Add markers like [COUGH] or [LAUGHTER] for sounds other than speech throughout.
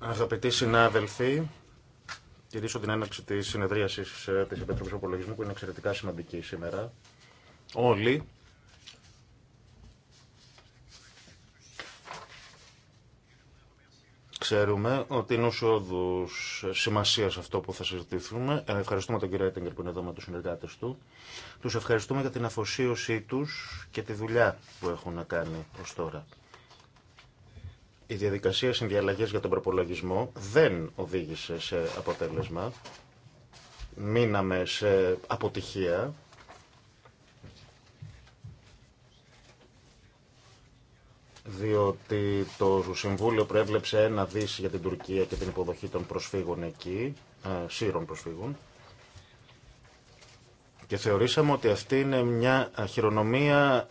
Αγαπητοί συνάδελφοι, κυρίσω την έναρξη τη συνεδρίαση ε, τη Επιτροπή Απολογισμού που είναι εξαιρετικά σημαντική σήμερα. Όλοι. Ξέρουμε ότι είναι ουσιώδου σημασία αυτό που θα συζητήσουμε. Ε, ευχαριστούμε τον κύριο Έτιγκερ που είναι εδώ με του συνεργάτε του. Του ευχαριστούμε για την αφοσίωσή του και τη δουλειά που έχουν κάνει ω τώρα η διαδικασία συνδιαλλαγής για τον προπολογισμό δεν οδήγησε σε αποτέλεσμα. Μείναμε σε αποτυχία. διότι το Συμβούλιο προέβλεψε ένα δις για την Τουρκία και την υποδοχή των προσφύγων εκεί, ε, σύρων προσφύγων. Και θεωρήσαμε ότι αυτή είναι μια χειρονομία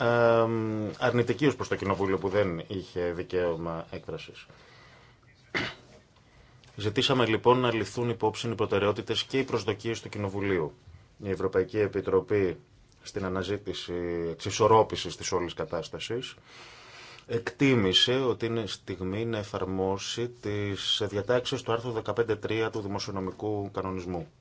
αρνητική ως προς το Κοινοβούλιο που δεν είχε δικαίωμα έκφρασης. Ζητήσαμε λοιπόν να ληφθούν υπόψη οι προτεραιότητες και οι προσδοκίες του Κοινοβουλίου. Η Ευρωπαϊκή Επιτροπή στην αναζήτηση εξισορρόπησης της όλης κατάστασης εκτίμησε ότι είναι στιγμή να εφαρμόσει τις διατάξεις του άρθρου 15.3 του Δημοσιονομικού Κανονισμού.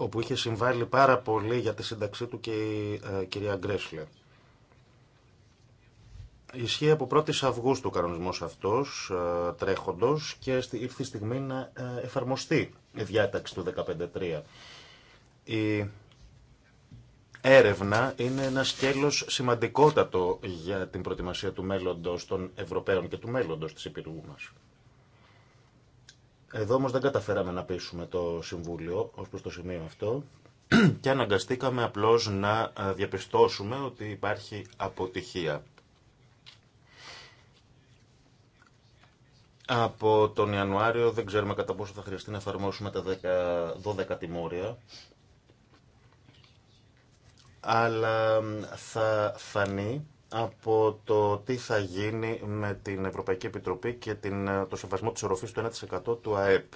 όπου είχε συμβάλει πάρα πολύ για τη σύνταξή του και η ε, κυρία Γκρέσλε. Ισχύει από 1η Αυγούστου ο κανονισμό αυτό, ε, τρέχοντο, και ήρθε η στιγμή αυτο τρεχοντο εφαρμοστεί η διάταξη του 15.3. Η έρευνα είναι ένα σκέλο σημαντικότατο για την προετοιμασία του μέλλοντο των Ευρωπαίων και του μέλλοντο τη Υπηρού μας. Εδώ όμω δεν καταφέραμε να πείσουμε το Συμβούλιο ω προ το σημείο αυτό [CLEARS THROAT] και αναγκαστήκαμε απλώς να ε, διαπιστώσουμε ότι υπάρχει αποτυχία. Από τον Ιανουάριο δεν ξέρουμε κατά πόσο θα χρειαστεί να εφαρμόσουμε τα 12 τιμόρια. Αλλά θα φανεί από το τι θα γίνει με την Ευρωπαϊκή Επιτροπή και την, το σεβασμό της οροφής του 1% του ΑΕΠ.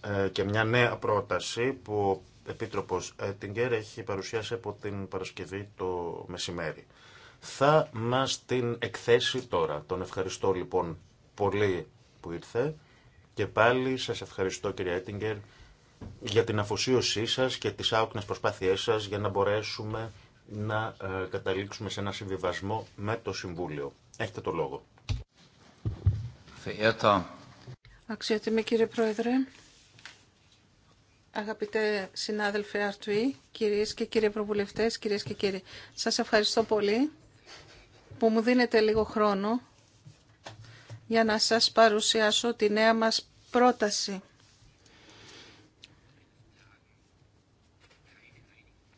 Ε, και μια νέα πρόταση που ο Επίτροπος Τιγκέρ έχει παρουσιάσει από την Παρασκευή το μεσημέρι. Θα μας την εκθέσει τώρα. Τον ευχαριστώ λοιπόν πολύ που ήρθε και πάλι σας ευχαριστώ κύριε Έτιγκερ για την αφοσίωσή σας και τις άοκνες προσπάθειές σας για να μπορέσουμε να ε, καταλήξουμε σε ένα συμβιβασμό με το Συμβούλιο. Έχετε το λόγο. Αξιότιμη κύριε Πρόεδρε, αγαπητέ συνάδελφε Αρτουή, κυρίες και κύριοι προβουλευτές, κυρίες και κύριοι, σας ευχαριστώ πολύ που μου δίνετε λίγο χρόνο για να σας παρουσιάσω τη νέα μας πρόταση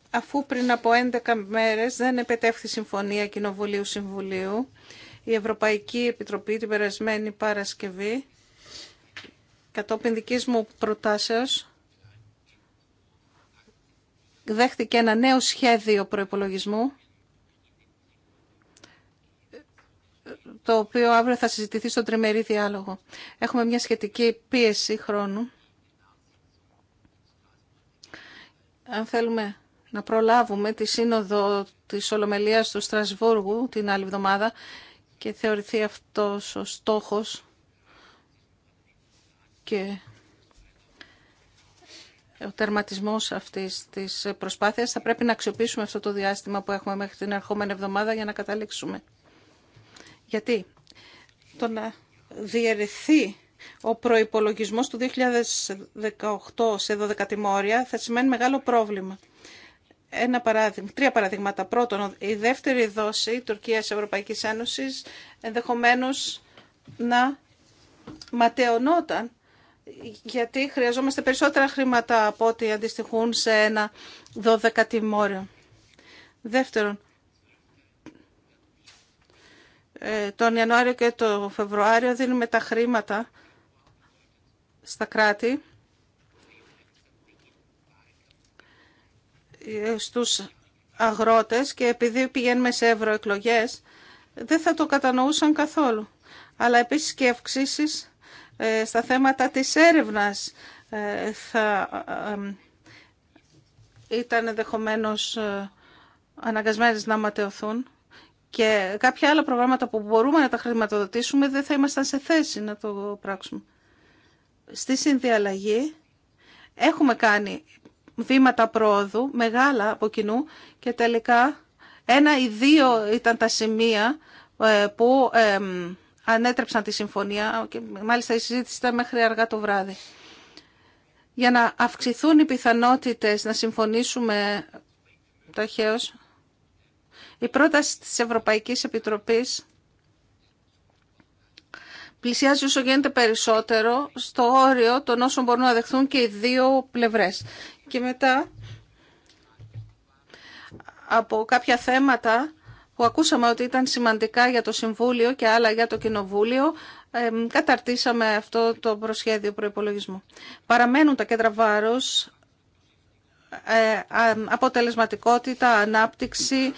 αφού πριν από 11 μέρες δεν επετεύχθη συμφωνία Κοινοβουλίου-Συμβουλίου, η Ευρωπαϊκή Επιτροπή την περασμένη Παρασκευή, κατόπιν δικής μου προτάσεως, δέχτηκε ένα νέο σχέδιο προϋπολογισμού, το οποίο αύριο θα συζητηθεί στον τριμερή διάλογο. Έχουμε μια σχετική πίεση χρόνου. Αν θέλουμε να προλάβουμε τη σύνοδο της Ολομελίας του Στρασβούργου την άλλη εβδομάδα και θεωρηθεί αυτός ο στόχος και ο τερματισμός αυτής της προσπάθειας. Θα πρέπει να αξιοποιήσουμε αυτό το διάστημα που έχουμε μέχρι την ερχόμενη εβδομάδα για να καταλήξουμε. Γιατί το να διαιρεθεί ο προϋπολογισμός του 2018 σε 12 τιμόρια θα σημαίνει μεγάλο πρόβλημα ένα παράδειγμα, τρία παραδείγματα. Πρώτον, η δεύτερη δόση Τουρκίας Ευρωπαϊκής Ένωσης ενδεχομένως να ματαιωνόταν γιατί χρειαζόμαστε περισσότερα χρήματα από ό,τι αντιστοιχούν σε ένα 12 Δεύτερον, ε, τον Ιανουάριο και τον Φεβρουάριο δίνουμε τα χρήματα στα κράτη στους αγρότες και επειδή πηγαίνουμε σε ευρωεκλογέ, δεν θα το κατανοούσαν καθόλου. Αλλά επίσης και αυξήσει ε, στα θέματα της έρευνας ε, θα ε, ήταν ενδεχομένω αναγκασμένες να ματαιωθούν και κάποια άλλα προγράμματα που μπορούμε να τα χρηματοδοτήσουμε δεν θα ήμασταν σε θέση να το πράξουμε. Στη συνδιαλλαγή έχουμε κάνει βήματα πρόοδου, μεγάλα από κοινού και τελικά ένα ή δύο ήταν τα σημεία ε, που ανέτρεψαν τη συμφωνία και μάλιστα η συζήτηση ήταν μέχρι αργά το βράδυ. Για να αυξηθούν οι πιθανότητες να συμφωνήσουμε αρχαίος, η πρόταση της Ευρωπαϊκής Επιτροπής πλησιάζει όσο γίνεται περισσότερο στο όριο των όσων μπορούν να δεχθούν και οι δύο πλευρές. Και μετά από κάποια θέματα που ακούσαμε ότι ήταν σημαντικά για το Συμβούλιο και άλλα για το Κοινοβούλιο, καταρτήσαμε αυτό το προσχέδιο προϋπολογισμού. Παραμένουν τα κέντρα βάρος, ε, αποτελεσματικότητα, ανάπτυξη,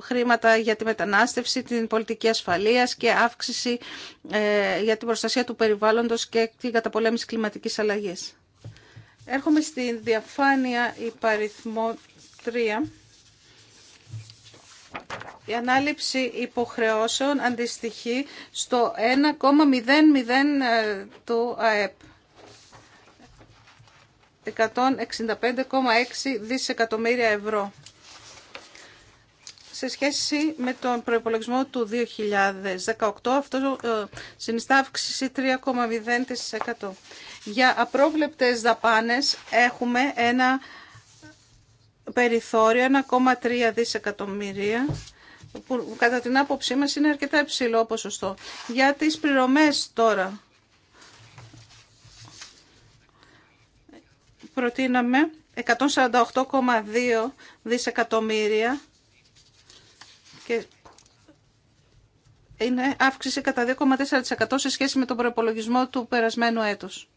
χρήματα για τη μετανάστευση, την πολιτική ασφαλείας και αύξηση ε, για την προστασία του περιβάλλοντος και την καταπολέμηση κλιματικής αλλαγής. Έρχομαι στην διαφάνεια υπαριθμό 3. Η ανάληψη υποχρεώσεων αντιστοιχεί στο 1,00 ε, του ΑΕΠ. 165,6 δισεκατομμύρια ευρώ. Σε σχέση με τον προϋπολογισμό του 2018, αυτό ε, συνιστά αύξηση 3,0% για απρόβλεπτες δαπάνες έχουμε ένα περιθώριο 1,3 δισεκατομμύρια που κατά την άποψή μας είναι αρκετά υψηλό ποσοστό. Για τις πληρωμές τώρα προτείναμε 148,2 δισεκατομμύρια και είναι αύξηση κατά 2,4% σε σχέση με τον προπολογισμό του περασμένου έτους.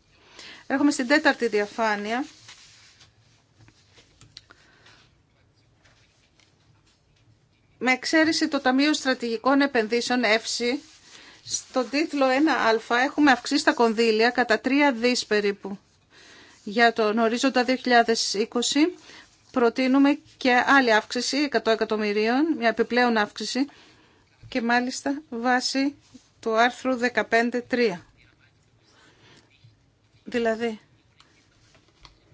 Έχουμε στην τέταρτη διαφάνεια. Με εξαίρεση το Ταμείο Στρατηγικών Επενδύσεων, ΕΦΣΥ, στον τίτλο 1α έχουμε αυξήσει τα κονδύλια κατά 3 δις περίπου. Για τον ορίζοντα 2020 προτείνουμε και άλλη αύξηση 100 εκατομμυρίων, μια επιπλέον αύξηση και μάλιστα βάσει του άρθρου 15.3. Δηλαδή,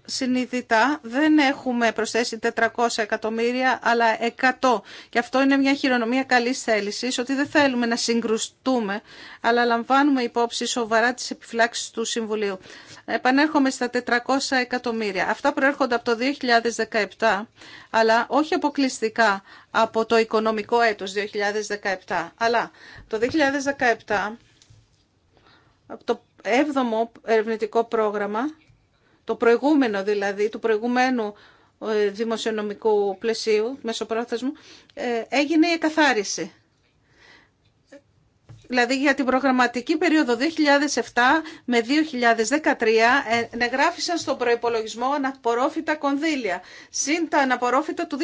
συνειδητά δεν έχουμε προσθέσει 400 εκατομμύρια, αλλά 100. Και αυτό είναι μια χειρονομία καλή θέληση ότι δεν θέλουμε να συγκρουστούμε, αλλά λαμβάνουμε υπόψη σοβαρά τι επιφυλάξει του Συμβουλίου. Επανέρχομαι στα 400 εκατομμύρια. Αυτά προέρχονται από το 2017, αλλά όχι αποκλειστικά από το οικονομικό έτος 2017. Αλλά το 2017, από το έβδομο ερευνητικό πρόγραμμα, το προηγούμενο δηλαδή, του προηγουμένου ε, δημοσιονομικού πλαισίου, μεσοπρόθεσμου, ε, έγινε η εκαθάριση δηλαδή για την προγραμματική περίοδο 2007 με 2013, εγγράφησαν στον προϋπολογισμό αναπορόφητα κονδύλια, συν τα αναπορόφητα του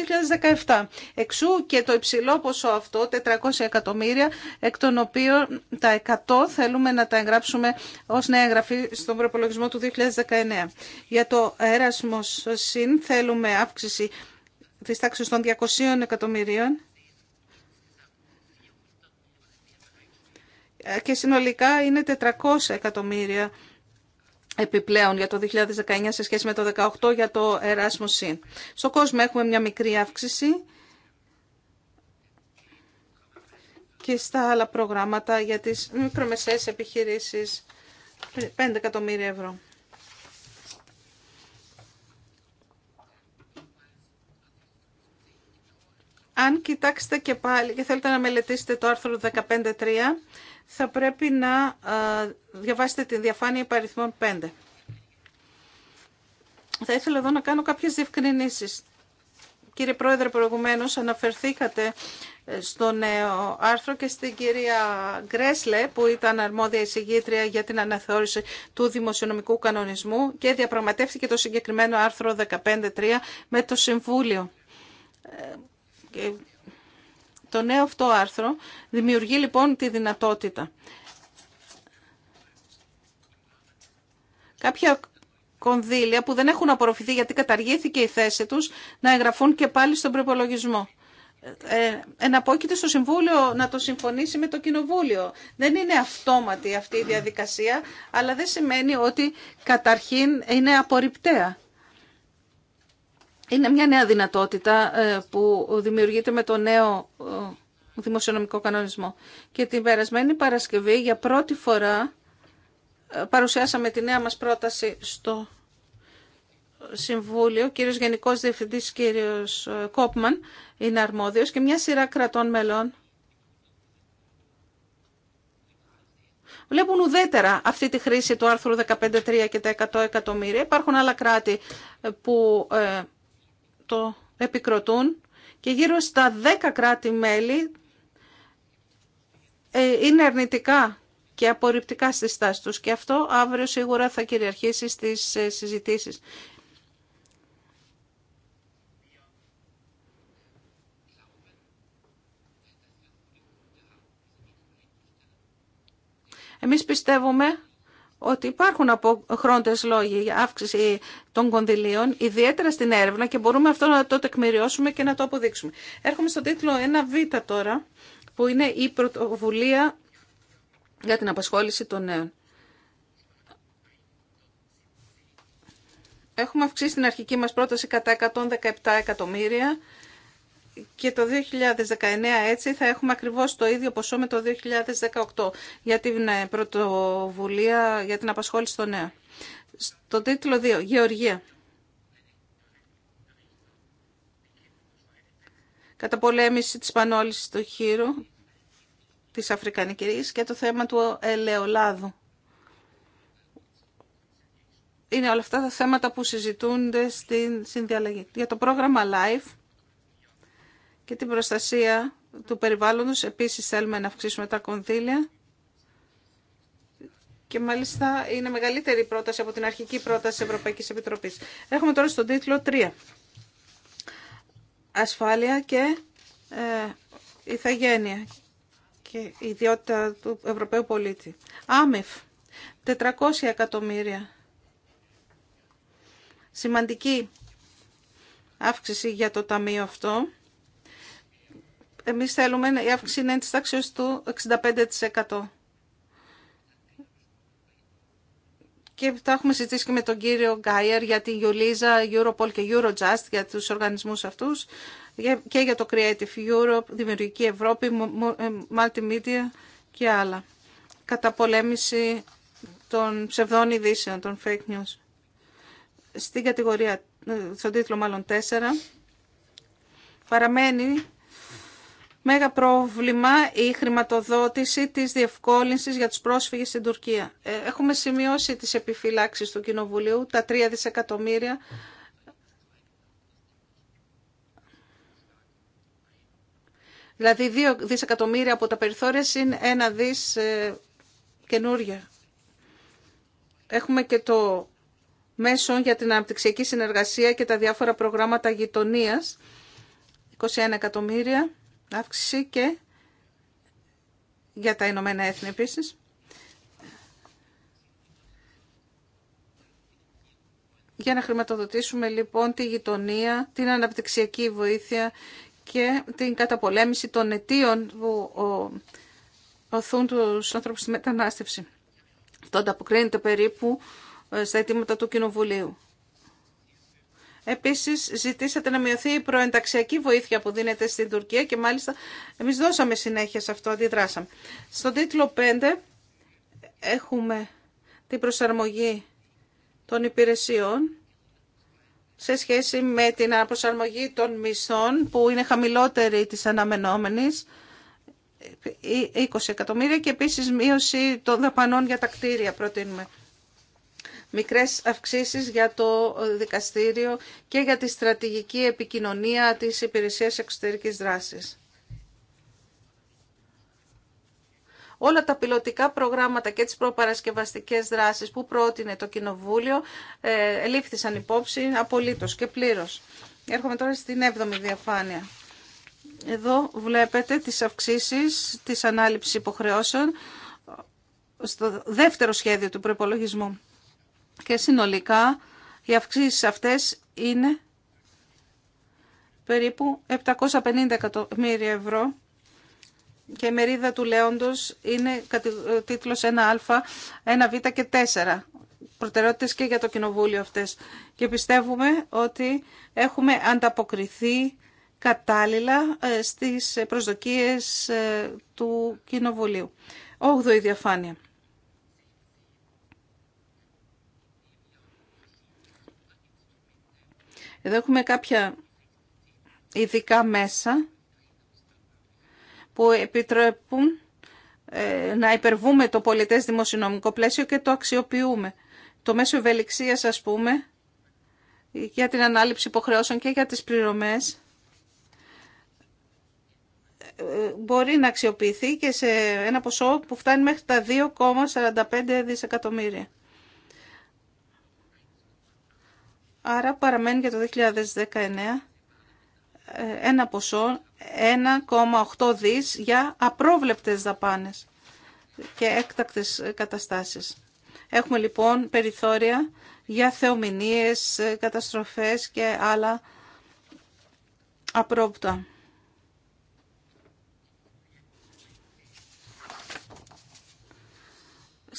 2017. Εξού και το υψηλό ποσό αυτό, 400 εκατομμύρια, εκ των οποίων τα 100 θέλουμε να τα εγγράψουμε ως νέα εγγραφή στον προϋπολογισμό του 2019. Για το έρασμος συν θέλουμε αύξηση της τάξης των 200 εκατομμυρίων Ε, και συνολικά είναι 400 εκατομμύρια επιπλέον για το 2019 σε σχέση με το 2018 για το Erasmus. Στο κόσμο έχουμε μια μικρή αύξηση και στα άλλα προγράμματα για τις μικρομεσαίες επιχειρήσεις 5 εκατομμύρια ευρώ. Αν κοιτάξετε και πάλι και θέλετε να μελετήσετε το άρθρο 15.3, θα πρέπει να διαβάσετε τη διαφάνεια υπαριθμών 5. Θα ήθελα εδώ να κάνω κάποιες διευκρινήσεις. Κύριε Πρόεδρε, προηγουμένως αναφερθήκατε ε, στο νέο άρθρο και στην κυρία Γκρέσλε που ήταν αρμόδια εισηγήτρια για την αναθεώρηση του δημοσιονομικού κανονισμού και διαπραγματεύτηκε το συγκεκριμένο άρθρο 15.3 με το Συμβούλιο ε, ε, το νέο αυτό άρθρο δημιουργεί λοιπόν τη δυνατότητα. Κάποια κονδύλια που δεν έχουν απορροφηθεί γιατί καταργήθηκε η θέση τους να εγγραφούν και πάλι στον προπολογισμό. Ε, εναπόκειται στο Συμβούλιο να το συμφωνήσει με το Κοινοβούλιο. Δεν είναι αυτόματη αυτή η διαδικασία, αλλά δεν σημαίνει ότι καταρχήν είναι απορριπταία είναι μια νέα δυνατότητα ε, που δημιουργείται με το νέο ε, δημοσιονομικό κανονισμό. Και την περασμένη Παρασκευή για πρώτη φορά ε, παρουσιάσαμε τη νέα μας πρόταση στο Συμβούλιο. Ο κύριος Γενικός Διευθυντής, κύριος Κόπμαν, είναι αρμόδιος και μια σειρά κρατών μελών βλέπουν ουδέτερα αυτή τη χρήση του άρθρου 15.3 και τα 100 εκατομμύρια. Υπάρχουν άλλα κράτη που το επικροτούν και γύρω στα 10 κράτη-μέλη ε, είναι αρνητικά και απορριπτικά στη στάση τους. Και αυτό αύριο σίγουρα θα κυριαρχήσει στις ε, συζητήσεις. Εμείς πιστεύουμε ότι υπάρχουν αποχρόντες λόγοι για αύξηση των κονδυλίων, ιδιαίτερα στην έρευνα και μπορούμε αυτό να το τεκμηριώσουμε και να το αποδείξουμε. Έρχομαι στον τίτλο 1β τώρα, που είναι η πρωτοβουλία για την απασχόληση των νέων. Έχουμε αυξήσει την αρχική μας πρόταση κατά 117 εκατομμύρια και το 2019 έτσι θα έχουμε ακριβώς το ίδιο ποσό με το 2018 για την ε, πρωτοβουλία για την απασχόληση των νέων. Στο τίτλο 2, Γεωργία. Καταπολέμηση της πανόλησης του χείρου της Αφρικανικής και το θέμα του ελαιολάδου. Είναι όλα αυτά τα θέματα που συζητούνται στην συνδιαλλαγή. Για το πρόγραμμα LIFE και την προστασία του περιβάλλοντος. Επίσης θέλουμε να αυξήσουμε τα κονδύλια. Και μάλιστα είναι μεγαλύτερη πρόταση από την αρχική πρόταση της Ευρωπαϊκής Επιτροπής. Έχουμε τώρα στον τίτλο 3. Ασφάλεια και ε, ηθαγένεια και ιδιότητα του Ευρωπαίου πολίτη. Άμεφ, 400 εκατομμύρια. Σημαντική αύξηση για το ταμείο αυτό. Εμείς θέλουμε η αύξηση είναι της τάξης του 65%. Και το έχουμε συζητήσει και με τον κύριο Γκάιερ για την Ιουλίζα, Europol και Eurojust, για τους οργανισμούς αυτούς και για το Creative Europe, Δημιουργική Ευρώπη, ε, Multimedia και άλλα. πολέμηση των ψευδών ειδήσεων, των fake news. Στην κατηγορία, ε, στον τίτλο μάλλον 4, παραμένει μέγα πρόβλημα η χρηματοδότηση της διευκόλυνσης για τους πρόσφυγες στην Τουρκία. Ε, έχουμε σημειώσει τις επιφυλάξεις του Κοινοβουλίου, τα 3 δισεκατομμύρια. Δηλαδή 2 δισεκατομμύρια από τα περιθώρια είναι ένα δις ε, καινούργια. Έχουμε και το μέσο για την αναπτυξιακή συνεργασία και τα διάφορα προγράμματα γειτονίας, 21 εκατομμύρια αύξηση και για τα Ηνωμένα Έθνη επίσης. Για να χρηματοδοτήσουμε λοιπόν τη γειτονία, την αναπτυξιακή βοήθεια και την καταπολέμηση των αιτίων που οθούν τους ανθρώπους στη μετανάστευση. Αυτό ανταποκρίνεται περίπου ε, στα αιτήματα του Κοινοβουλίου. Επίσης ζητήσατε να μειωθεί η προενταξιακή βοήθεια που δίνεται στην Τουρκία και μάλιστα εμεί δώσαμε συνέχεια σε αυτό, αντιδράσαμε. Στον τίτλο 5 έχουμε την προσαρμογή των υπηρεσιών σε σχέση με την προσαρμογή των μισθών που είναι χαμηλότερη της αναμενόμενης 20 εκατομμύρια και επίσης μείωση των δαπανών για τα κτίρια προτείνουμε μικρές αυξήσεις για το δικαστήριο και για τη στρατηγική επικοινωνία της υπηρεσίας εξωτερικής δράσης. όλα τα πιλωτικά προγράμματα και τις προπαρασκευαστικές δράσεις που πρότεινε το Κοινοβούλιο ε, λήφθησαν υπόψη απολύτως και πλήρως. Έρχομαι τώρα στην 7η διαφάνεια. Εδώ βλέπετε τις αυξήσεις της ανάληψης υποχρεώσεων στο δεύτερο σχέδιο του προπολογισμού και συνολικά οι αυξήσεις αυτές είναι περίπου 750 εκατομμύρια ευρώ και η μερίδα του Λέοντος είναι τίτλος 1α, 1β και 4. Προτεραιότητες και για το Κοινοβούλιο αυτές. Και πιστεύουμε ότι έχουμε ανταποκριθεί κατάλληλα ε, στις προσδοκίες ε, του Κοινοβουλίου. Όγδοη διαφάνεια. Εδώ έχουμε κάποια ειδικά μέσα που επιτρέπουν ε, να υπερβούμε το πολιτές δημοσιονομικό πλαίσιο και το αξιοποιούμε. Το μέσο ευελιξίας, ας πούμε, για την ανάληψη υποχρεώσεων και για τις πληρωμές, ε, μπορεί να αξιοποιηθεί και σε ένα ποσό που φτάνει μέχρι τα 2,45 δισεκατομμύρια. Άρα παραμένει για το 2019 ε, ένα ποσό 1,8 δις για απρόβλεπτες δαπάνες και έκτακτες καταστάσεις. Έχουμε λοιπόν περιθώρια για θεομηνίες, ε, καταστροφές και άλλα απρόβλεπτα.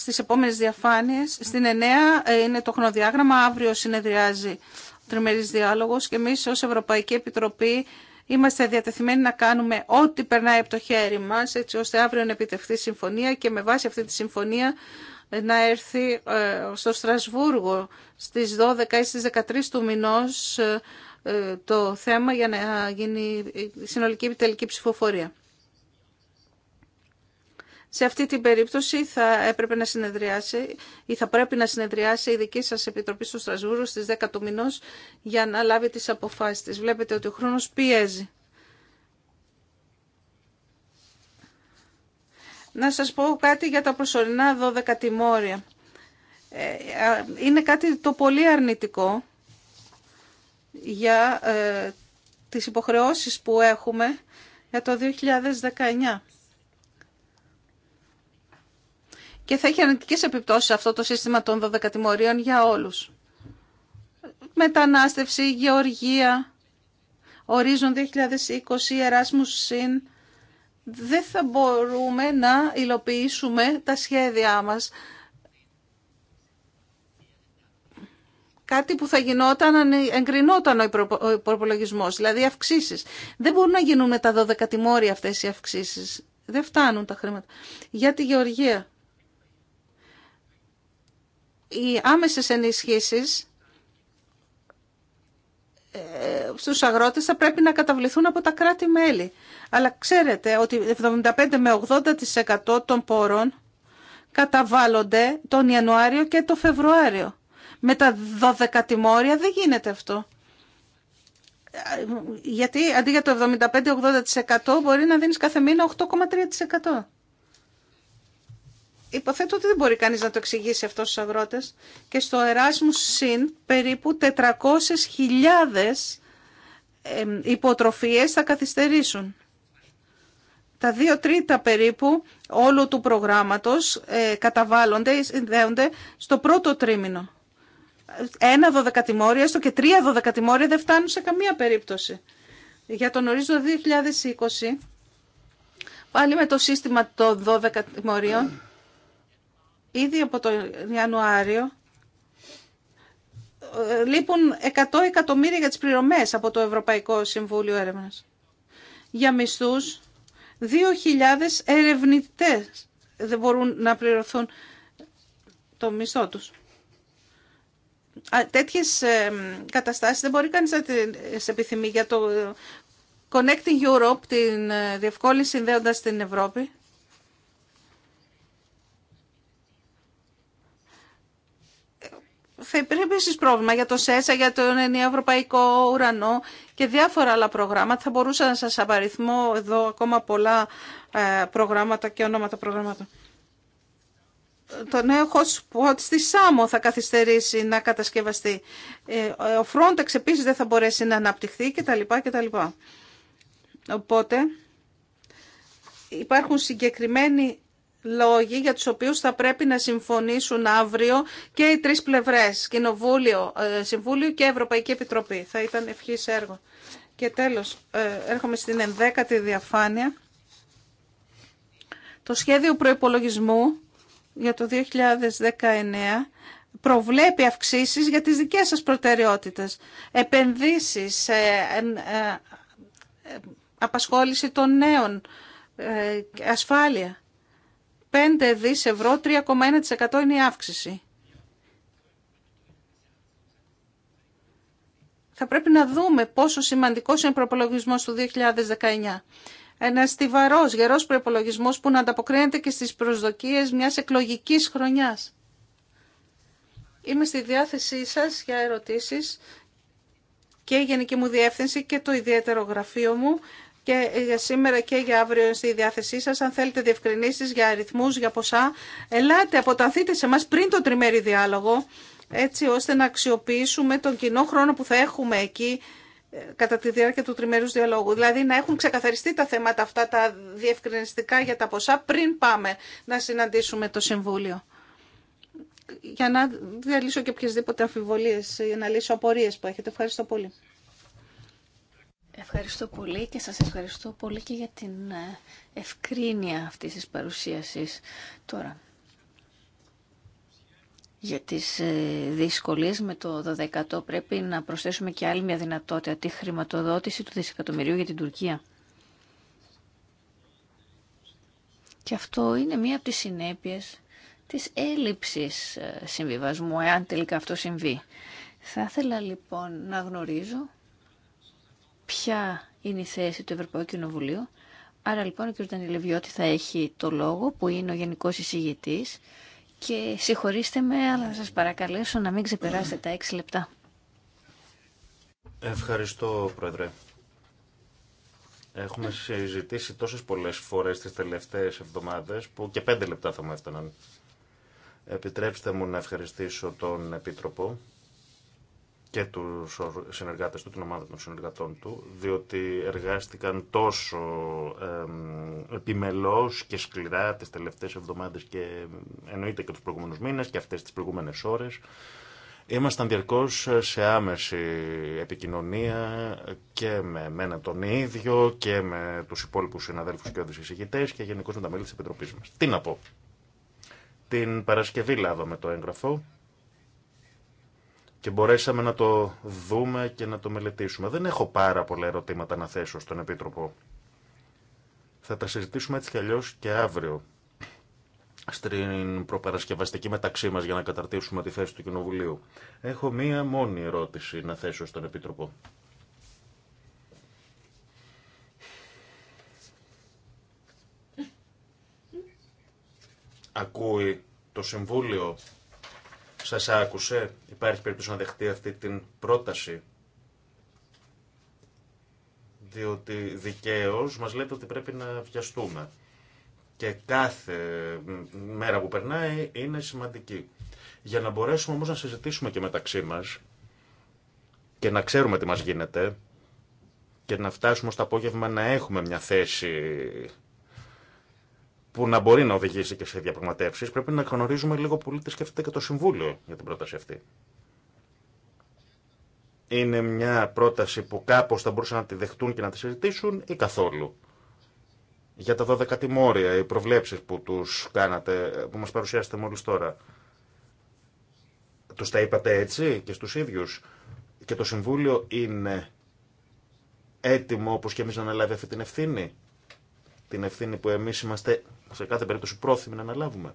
στις επόμενες διαφάνειες. Στην 9 ε, είναι το χρονοδιάγραμμα, αύριο συνεδριάζει ο τριμερής διάλογος και εμείς ως Ευρωπαϊκή Επιτροπή είμαστε διατεθειμένοι να κάνουμε ό,τι περνάει από το χέρι μας, έτσι ώστε αύριο να επιτευχθεί συμφωνία και με βάση αυτή τη συμφωνία ε, να έρθει ε, στο Στρασβούργο στις 12 ή στις 13 του μηνός το θέμα για να γίνει συνολική επιτελική ψηφοφορία. Σε αυτή την περίπτωση θα έπρεπε να συνεδριάσει ή θα πρέπει να συνεδριάσει η δική σας Επιτροπή στο Στρασβούργο στι 10 του μηνό για να λάβει τι αποφάσει. τη. Βλέπετε ότι ο χρόνος πιέζει. Να σας πω κάτι για τα προσωρινά 12 τιμόρια. Ε, είναι κάτι το πολύ αρνητικό για ε, τις υποχρεώσεις που έχουμε για το 2019 και θα έχει αρνητικέ επιπτώσει αυτό το σύστημα των 12 τιμωρίων για όλου. Μετανάστευση, γεωργία, ορίζον 2020, Εράσμου ΣΥΝ. Δεν θα μπορούμε να υλοποιήσουμε τα σχέδιά μας. Κάτι που θα γινόταν αν εγκρινόταν ο υπολογισμό, δηλαδή αυξήσει. Δεν μπορούν να γίνουν με τα 12 τιμόρια αυτέ οι αυξήσει. Δεν φτάνουν τα χρήματα. Για τη γεωργία οι άμεσες ενισχύσεις ε, στους αγρότες θα πρέπει να καταβληθούν από τα κράτη-μέλη. Αλλά ξέρετε ότι 75 με 80% των πόρων καταβάλλονται τον Ιανουάριο και τον Φεβρουάριο. Με τα 12 τιμόρια δεν γίνεται αυτό. Ε, γιατί αντί για το 75-80% μπορεί να δίνεις κάθε μήνα 8,3% υποθέτω ότι δεν μπορεί κανείς να το εξηγήσει αυτό στους αγρότες. Και στο Erasmus Συν περίπου 400.000 υποτροφίες θα καθυστερήσουν. Τα δύο τρίτα περίπου όλου του προγράμματος ε, καταβάλλονται ή συνδέονται στο πρώτο τρίμηνο. Ένα δωδεκατημόρια, έστω και τρία δωδεκατημόρια δεν φτάνουν σε καμία περίπτωση. Για τον ορίζοντα 2020, πάλι με το σύστημα των 12 τιμωρίων, Ήδη από τον Ιανουάριο ε, λείπουν 100 εκατομμύρια για τις πληρωμές από το Ευρωπαϊκό Συμβούλιο Έρευνας. Για μισθούς, 2.000 ερευνητές δεν μπορούν να πληρωθούν το μισθό τους. Τέτοιες ε, καταστάσεις δεν μπορεί κανείς να τις επιθυμεί για το ε, Connecting Europe, την διευκόλυνση συνδέοντας την Ευρώπη. Θα υπήρχε επίση πρόβλημα για το ΣΕΣΑ, για τον ενιαίο Ευρωπαϊκό Ουρανό και διάφορα άλλα προγράμματα. Θα μπορούσα να σας απαριθμώ εδώ ακόμα πολλά ε, προγράμματα και ονόματα προγράμματων. Το νέο hotspot στη Σάμο θα καθυστερήσει να κατασκευαστεί. Ε, ο Frontex επίσης δεν θα μπορέσει να αναπτυχθεί κτλ. κτλ. Οπότε υπάρχουν συγκεκριμένοι λόγοι για τους οποίους θα πρέπει να συμφωνήσουν αύριο και οι τρεις πλευρές, Κοινοβούλιο, ε, Συμβούλιο και Ευρωπαϊκή Επιτροπή. Θα ήταν ευχής έργο. Και τέλος, ε, έρχομαι στην ενδέκατη διαφάνεια. Το σχέδιο προϋπολογισμού για το 2019 προβλέπει αυξήσεις για τις δικές σας προτεραιότητες. Επενδύσεις, ε, απασχόληση των νέων, ασφάλεια 5 δις ευρώ, 3,1% είναι η αύξηση. Θα πρέπει να δούμε πόσο σημαντικός είναι ο προπολογισμός του 2019. Ένα στιβαρό, γερό προπολογισμό που να ανταποκρίνεται και στι προσδοκίε μια εκλογική χρονιά. Είμαι στη διάθεσή σα για ερωτήσει και η Γενική μου Διεύθυνση και το ιδιαίτερο γραφείο μου και για ε, σήμερα και για αύριο στη διάθεσή σας. Αν θέλετε διευκρινήσεις για αριθμούς, για ποσά, ελάτε, αποταθείτε σε μας πριν το τριμέρι διάλογο, έτσι ώστε να αξιοποιήσουμε τον κοινό χρόνο που θα έχουμε εκεί ε, κατά τη διάρκεια του τριμερούς διαλόγου. Δηλαδή να έχουν ξεκαθαριστεί τα θέματα αυτά, τα διευκρινιστικά για τα ποσά, πριν πάμε να συναντήσουμε το Συμβούλιο. Για να διαλύσω και οποιασδήποτε αμφιβολίες, για να λύσω απορίες που έχετε. Ευχαριστώ πολύ. Ευχαριστώ πολύ και σας ευχαριστώ πολύ και για την ε, ευκρίνεια αυτής της παρουσίασης. Τώρα, για τις ε, δυσκολίες με το 12 πρέπει να προσθέσουμε και άλλη μια δυνατότητα, τη χρηματοδότηση του δισεκατομμυρίου για την Τουρκία. Και αυτό είναι μία από τις συνέπειες της έλλειψης ε, συμβιβασμού, εάν τελικά αυτό συμβεί. Θα ήθελα λοιπόν να γνωρίζω ποια είναι η θέση του Ευρωπαϊκού Κοινοβουλίου. Άρα λοιπόν ο κ. Τανιλεβιώτη θα έχει το λόγο που είναι ο Γενικό Εισηγητή. και συγχωρήστε με αλλά θα σας παρακαλέσω να μην ξεπεράσετε τα έξι λεπτά. Ευχαριστώ Πρόεδρε. Έχουμε συζητήσει τόσες πολλές φορές τις τελευταίες εβδομάδες που και πέντε λεπτά θα μου έφταναν. Επιτρέψτε μου να ευχαριστήσω τον Επίτροπο και του συνεργάτε του, την ομάδα των συνεργατών του, διότι εργάστηκαν τόσο ε, επιμελώς και σκληρά τις τελευταίες εβδομάδες και εννοείται και του προηγούμενου μήνε και αυτές τις προηγούμενε ώρες. Ήμασταν διαρκώς σε άμεση επικοινωνία και με μένα τον ίδιο και με τους υπόλοιπου συναδέλφου και όδους εισηγητές και γενικώ με τα μέλη τη επιτροπή μα. Τι να πω. Την Παρασκευή λάβαμε το έγγραφο και μπορέσαμε να το δούμε και να το μελετήσουμε. Δεν έχω πάρα πολλά ερωτήματα να θέσω στον Επίτροπο. Θα τα συζητήσουμε έτσι κι αλλιώς και αύριο στην προπαρασκευαστική μεταξύ μας για να καταρτήσουμε τη θέση του Κοινοβουλίου. Έχω μία μόνη ερώτηση να θέσω στον Επίτροπο. Ακούει το Συμβούλιο σας άκουσε, υπάρχει περίπτωση να δεχτεί αυτή την πρόταση. Διότι δικαίως μας λέτε ότι πρέπει να βιαστούμε. Και κάθε μέρα που περνάει είναι σημαντική. Για να μπορέσουμε όμως να συζητήσουμε και μεταξύ μας και να ξέρουμε τι μας γίνεται και να φτάσουμε στο απόγευμα να έχουμε μια θέση που να μπορεί να οδηγήσει και σε διαπραγματεύσει, πρέπει να γνωρίζουμε λίγο πολύ τι σκέφτεται και το Συμβούλιο για την πρόταση αυτή. Είναι μια πρόταση που κάπω θα μπορούσαν να τη δεχτούν και να τη συζητήσουν ή καθόλου. Για τα 12 τιμόρια, οι προβλέψει που του κάνατε, που μα παρουσιάσετε μόλι τώρα. Του τα είπατε έτσι και στου ίδιου. Και το Συμβούλιο είναι έτοιμο όπω και εμεί να αναλάβει αυτή την ευθύνη. Την ευθύνη που εμεί είμαστε σε κάθε περίπτωση πρόθυμοι να αναλάβουμε.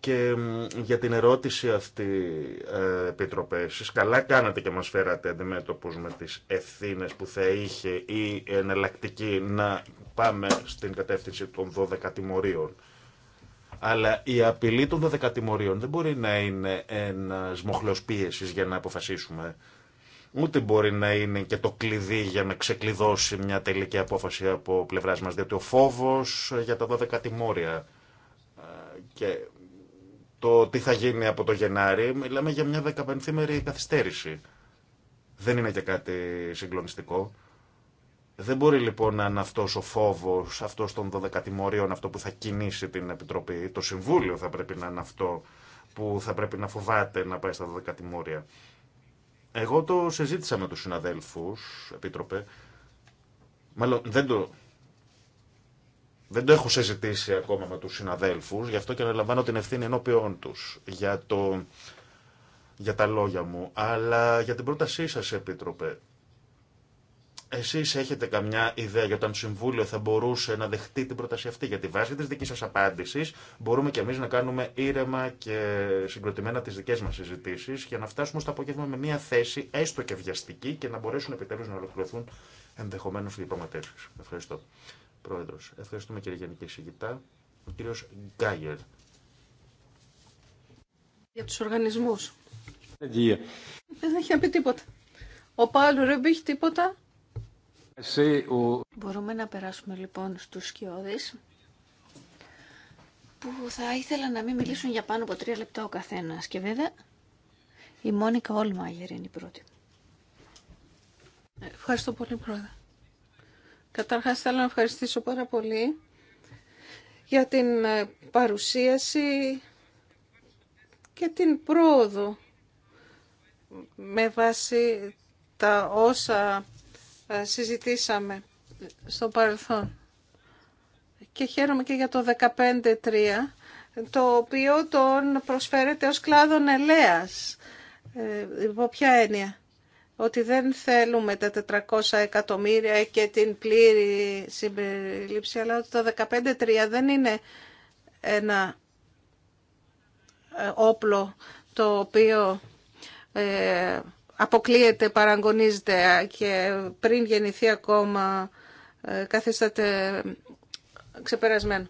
Και για την ερώτηση αυτή, ε, Επίτροπε, εσείς καλά κάνατε και μας φέρατε αντιμέτωπους με τις ευθύνε που θα είχε η εναλλακτική να πάμε στην κατεύθυνση των 12 τιμωρίων. Αλλά η απειλή των 12 τιμωρίων δεν μπορεί να είναι ένα μοχλός πίεσης για να αποφασίσουμε ούτε μπορεί να είναι και το κλειδί για να ξεκλειδώσει μια τελική απόφαση από πλευρά μα. Διότι ο φόβο για τα 12 τιμόρια ε, και το τι θα γίνει από το Γενάρη, μιλάμε για μια δεκαπενθήμερη καθυστέρηση. Δεν είναι και κάτι συγκλονιστικό. Δεν μπορεί λοιπόν να είναι αυτό ο φόβο αυτό των 12 τιμωρίων αυτό που θα κινήσει την Επιτροπή. Το Συμβούλιο θα πρέπει να είναι αυτό που θα πρέπει να φοβάται να πάει στα 12 τιμόρια. Εγώ το συζήτησα με τους συναδέλφους, επίτροπε. Μάλλον δεν το, δεν το έχω συζητήσει ακόμα με τους συναδέλφους, γι' αυτό και αναλαμβάνω την ευθύνη ενώπιόν τους για, το, για τα λόγια μου. Αλλά για την πρότασή σας, επίτροπε, Εσεί έχετε καμιά ιδέα για το αν Συμβούλιο θα μπορούσε να δεχτεί την πρόταση αυτή, γιατί βάσει τη δική σα απάντηση μπορούμε και εμεί να κάνουμε ήρεμα και συγκροτημένα τι δικέ μα συζητήσει για να φτάσουμε στο απόγευμα με μια θέση έστω και βιαστική και να μπορέσουν επιτέλου να ολοκληρωθούν ενδεχομένω οι διπλωματεύσεις. Ευχαριστώ. Πρόεδρο. ευχαριστούμε κύριε Γενική Συγητά. Ο κύριο Γκάγερ. Για του οργανισμού, Δεν έχει να πει τίποτα. Ο Πάλου Ρεμπίχ τίποτα. Μπορούμε να περάσουμε λοιπόν στους σκιώδεις που θα ήθελα να μην μιλήσουν για πάνω από τρία λεπτά ο καθένας και βέβαια η Μόνικα Όλμαγερ είναι η πρώτη. Ευχαριστώ πολύ πρόεδρε. Καταρχάς θέλω να ευχαριστήσω πάρα πολύ για την ε, παρουσίαση και την πρόοδο με βάση τα όσα ε, συζητήσαμε στο παρελθόν. Και χαίρομαι και για το 15-3 το οποίο τον προσφέρεται ως κλάδον ελέας. Ε, υπό ποια έννοια. Ότι δεν θέλουμε τα 400 εκατομμύρια και την πλήρη συμπεριλήψη, αλλά ότι το 15-3 δεν είναι ένα ε, όπλο το οποίο... Ε, αποκλείεται, παραγωνίζεται και πριν γεννηθεί ακόμα ε, καθίσταται ξεπερασμένο.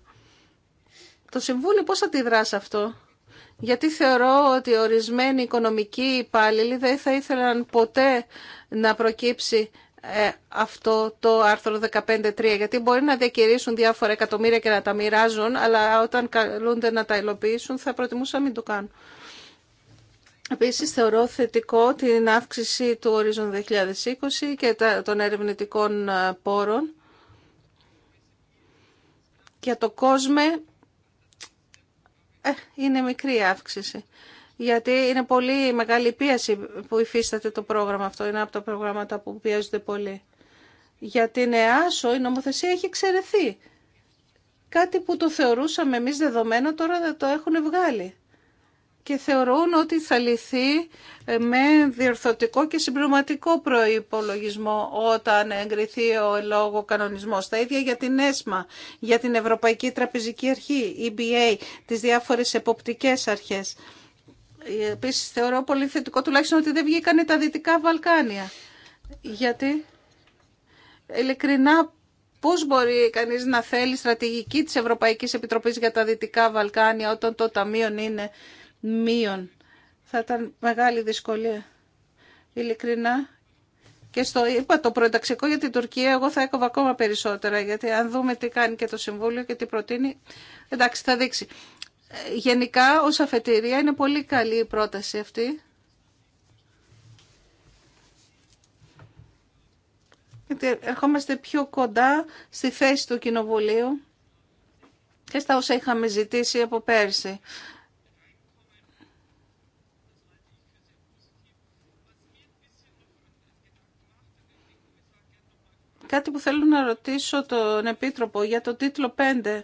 Το Συμβούλιο πώς θα τη δράσει αυτό. Γιατί θεωρώ ότι ορισμένοι οικονομικοί υπάλληλοι δεν θα ήθελαν ποτέ να προκύψει ε, αυτό το άρθρο 15.3 γιατί μπορεί να διακηρύσουν διάφορα εκατομμύρια και να τα μοιράζουν αλλά όταν καλούνται να τα υλοποιήσουν θα προτιμούσαν να μην το κάνουν. Επίση, θεωρώ θετικό την αύξηση του ορίζον 2020 και των ερευνητικών ε, πόρων. Για το κόσμο ε, είναι μικρή αύξηση. Γιατί είναι πολύ μεγάλη πίεση που υφίσταται το πρόγραμμα αυτό. Είναι από τα προγράμματα που πιέζονται πολύ. Για την ΕΑΣΟ η νομοθεσία έχει εξαιρεθεί. Κάτι που το θεωρούσαμε εμείς δεδομένο τώρα δεν το έχουν βγάλει και θεωρούν ότι θα λυθεί ε, με διορθωτικό και συμπληρωματικό προϋπολογισμό όταν εγκριθεί ο λόγο κανονισμός. Τα ίδια για την ΕΣΜΑ, για την Ευρωπαϊκή Τραπεζική Αρχή, EBA, τις διάφορες εποπτικές αρχές. Ε, επίσης θεωρώ πολύ θετικό τουλάχιστον ότι δεν βγήκανε τα Δυτικά Βαλκάνια. Γιατί ειλικρινά Πώς μπορεί κανείς να θέλει στρατηγική της Ευρωπαϊκής Επιτροπής για τα Δυτικά Βαλκάνια όταν το Ταμείο είναι μείον. Θα ήταν μεγάλη δυσκολία. Ειλικρινά. Και στο είπα το πρωταξικό για την Τουρκία, εγώ θα έκοβα ακόμα περισσότερα, γιατί αν δούμε τι κάνει και το Συμβούλιο και τι προτείνει, εντάξει θα δείξει. Ε, γενικά, ως αφετηρία, είναι πολύ καλή η πρόταση αυτή. Γιατί ερχόμαστε πιο κοντά στη θέση του Κοινοβουλίου και στα όσα είχαμε ζητήσει από πέρσι Κάτι που θέλω να ρωτήσω τον Επίτροπο για το τίτλο 5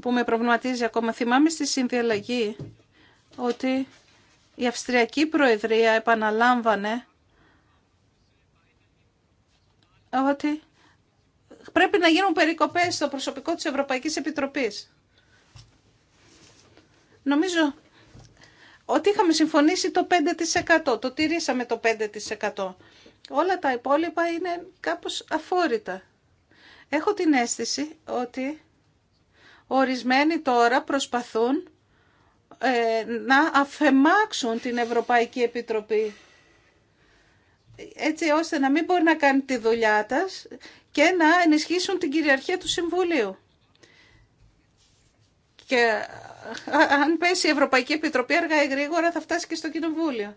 που με προβληματίζει ακόμα. Θυμάμαι στη συνδιαλλαγή ότι η Αυστριακή Προεδρία επαναλάμβανε ότι πρέπει να γίνουν περικοπές στο προσωπικό της Ευρωπαϊκής Επιτροπής. Νομίζω ότι είχαμε συμφωνήσει το 5%. Το τηρήσαμε το 5%. Όλα τα υπόλοιπα είναι κάπως αφόρητα. Έχω την αίσθηση ότι ορισμένοι τώρα προσπαθούν ε, να αφεμάξουν την Ευρωπαϊκή Επιτροπή έτσι ώστε να μην μπορεί να κάνει τη δουλειά της και να ενισχύσουν την κυριαρχία του Συμβουλίου. Και αν πέσει η Ευρωπαϊκή Επιτροπή αργά ή γρήγορα θα φτάσει και στο Κοινοβούλιο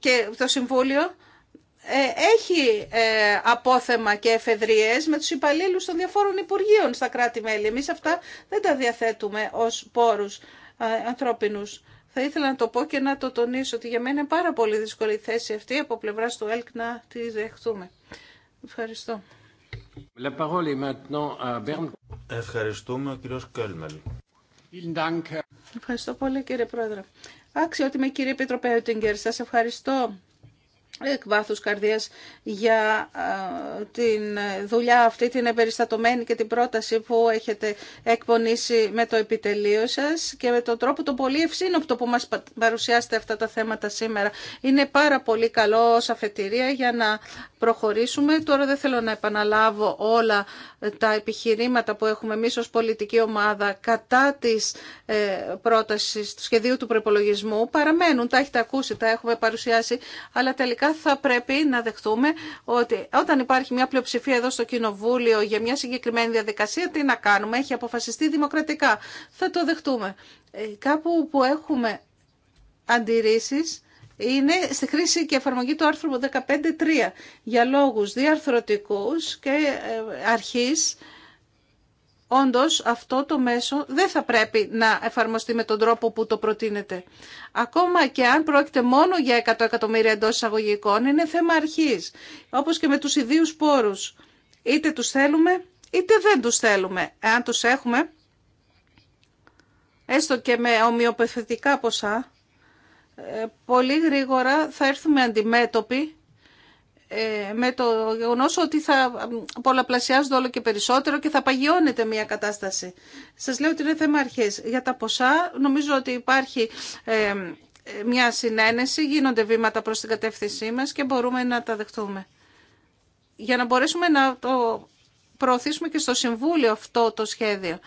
και το Συμβούλιο ε, έχει ε, απόθεμα και εφεδριές με τους υπαλλήλους των διαφόρων Υπουργείων στα κράτη-μέλη. Εμείς αυτά δεν τα διαθέτουμε ως πόρους ε, ανθρώπινους. Θα ήθελα να το πω και να το τονίσω ότι για μένα είναι πάρα πολύ δύσκολη η θέση αυτή από πλευράς του ΕΛΚ να τη δεχτούμε. Ευχαριστώ. Ευχαριστούμε ο Κέλμελ. Ευχαριστώ πολύ κύριε Πρόεδρε. Αξιότιμη κύριε Επίτροπε Οτιγκερ, σας ευχαριστώ εκ βάθους καρδίας για την δουλειά αυτή, την εμπεριστατωμένη και την πρόταση που έχετε εκπονήσει με το επιτελείο σας και με τον τρόπο το πολύ ευσύνοπτο που μας παρουσιάσετε αυτά τα θέματα σήμερα. Είναι πάρα πολύ καλό ως αφετηρία για να προχωρήσουμε. Τώρα δεν θέλω να επαναλάβω όλα τα επιχειρήματα που έχουμε εμείς ως πολιτική ομάδα κατά της ε, πρότασης του σχεδίου του προπολογισμού παραμένουν, τα έχετε ακούσει, τα έχουμε παρουσιάσει, αλλά τελικά θα πρέπει να δεχτούμε ότι όταν υπάρχει μια πλειοψηφία εδώ στο Κοινοβούλιο για μια συγκεκριμένη διαδικασία, τι να κάνουμε, έχει αποφασιστεί δημοκρατικά. Θα το δεχτούμε. Ε, κάπου που έχουμε αντιρρήσεις, είναι στη χρήση και εφαρμογή του άρθρου 15.3 για λόγους διαρθρωτικούς και ε, αρχής όντως αυτό το μέσο δεν θα πρέπει να εφαρμοστεί με τον τρόπο που το προτείνεται. Ακόμα και αν πρόκειται μόνο για 100 εκατομμύρια εντό εισαγωγικών, είναι θέμα αρχής, όπως και με τους ιδίους πόρους. Είτε τους θέλουμε, είτε δεν τους θέλουμε. Εάν τους έχουμε, έστω και με ομοιοπεθετικά ποσά, ε, πολύ γρήγορα θα έρθουμε αντιμέτωποι ε, με το γεγονό ότι θα πολλαπλασιάζονται όλο και περισσότερο και θα παγιώνεται μια κατάσταση. Σας λέω ότι είναι θέμα αρχές. Για τα ποσά νομίζω ότι υπάρχει ε, μια συνένεση, γίνονται βήματα προς την κατεύθυνσή μας και μπορούμε να τα δεχτούμε. Για να μπορέσουμε να το προωθήσουμε και στο Συμβούλιο αυτό το σχέδιο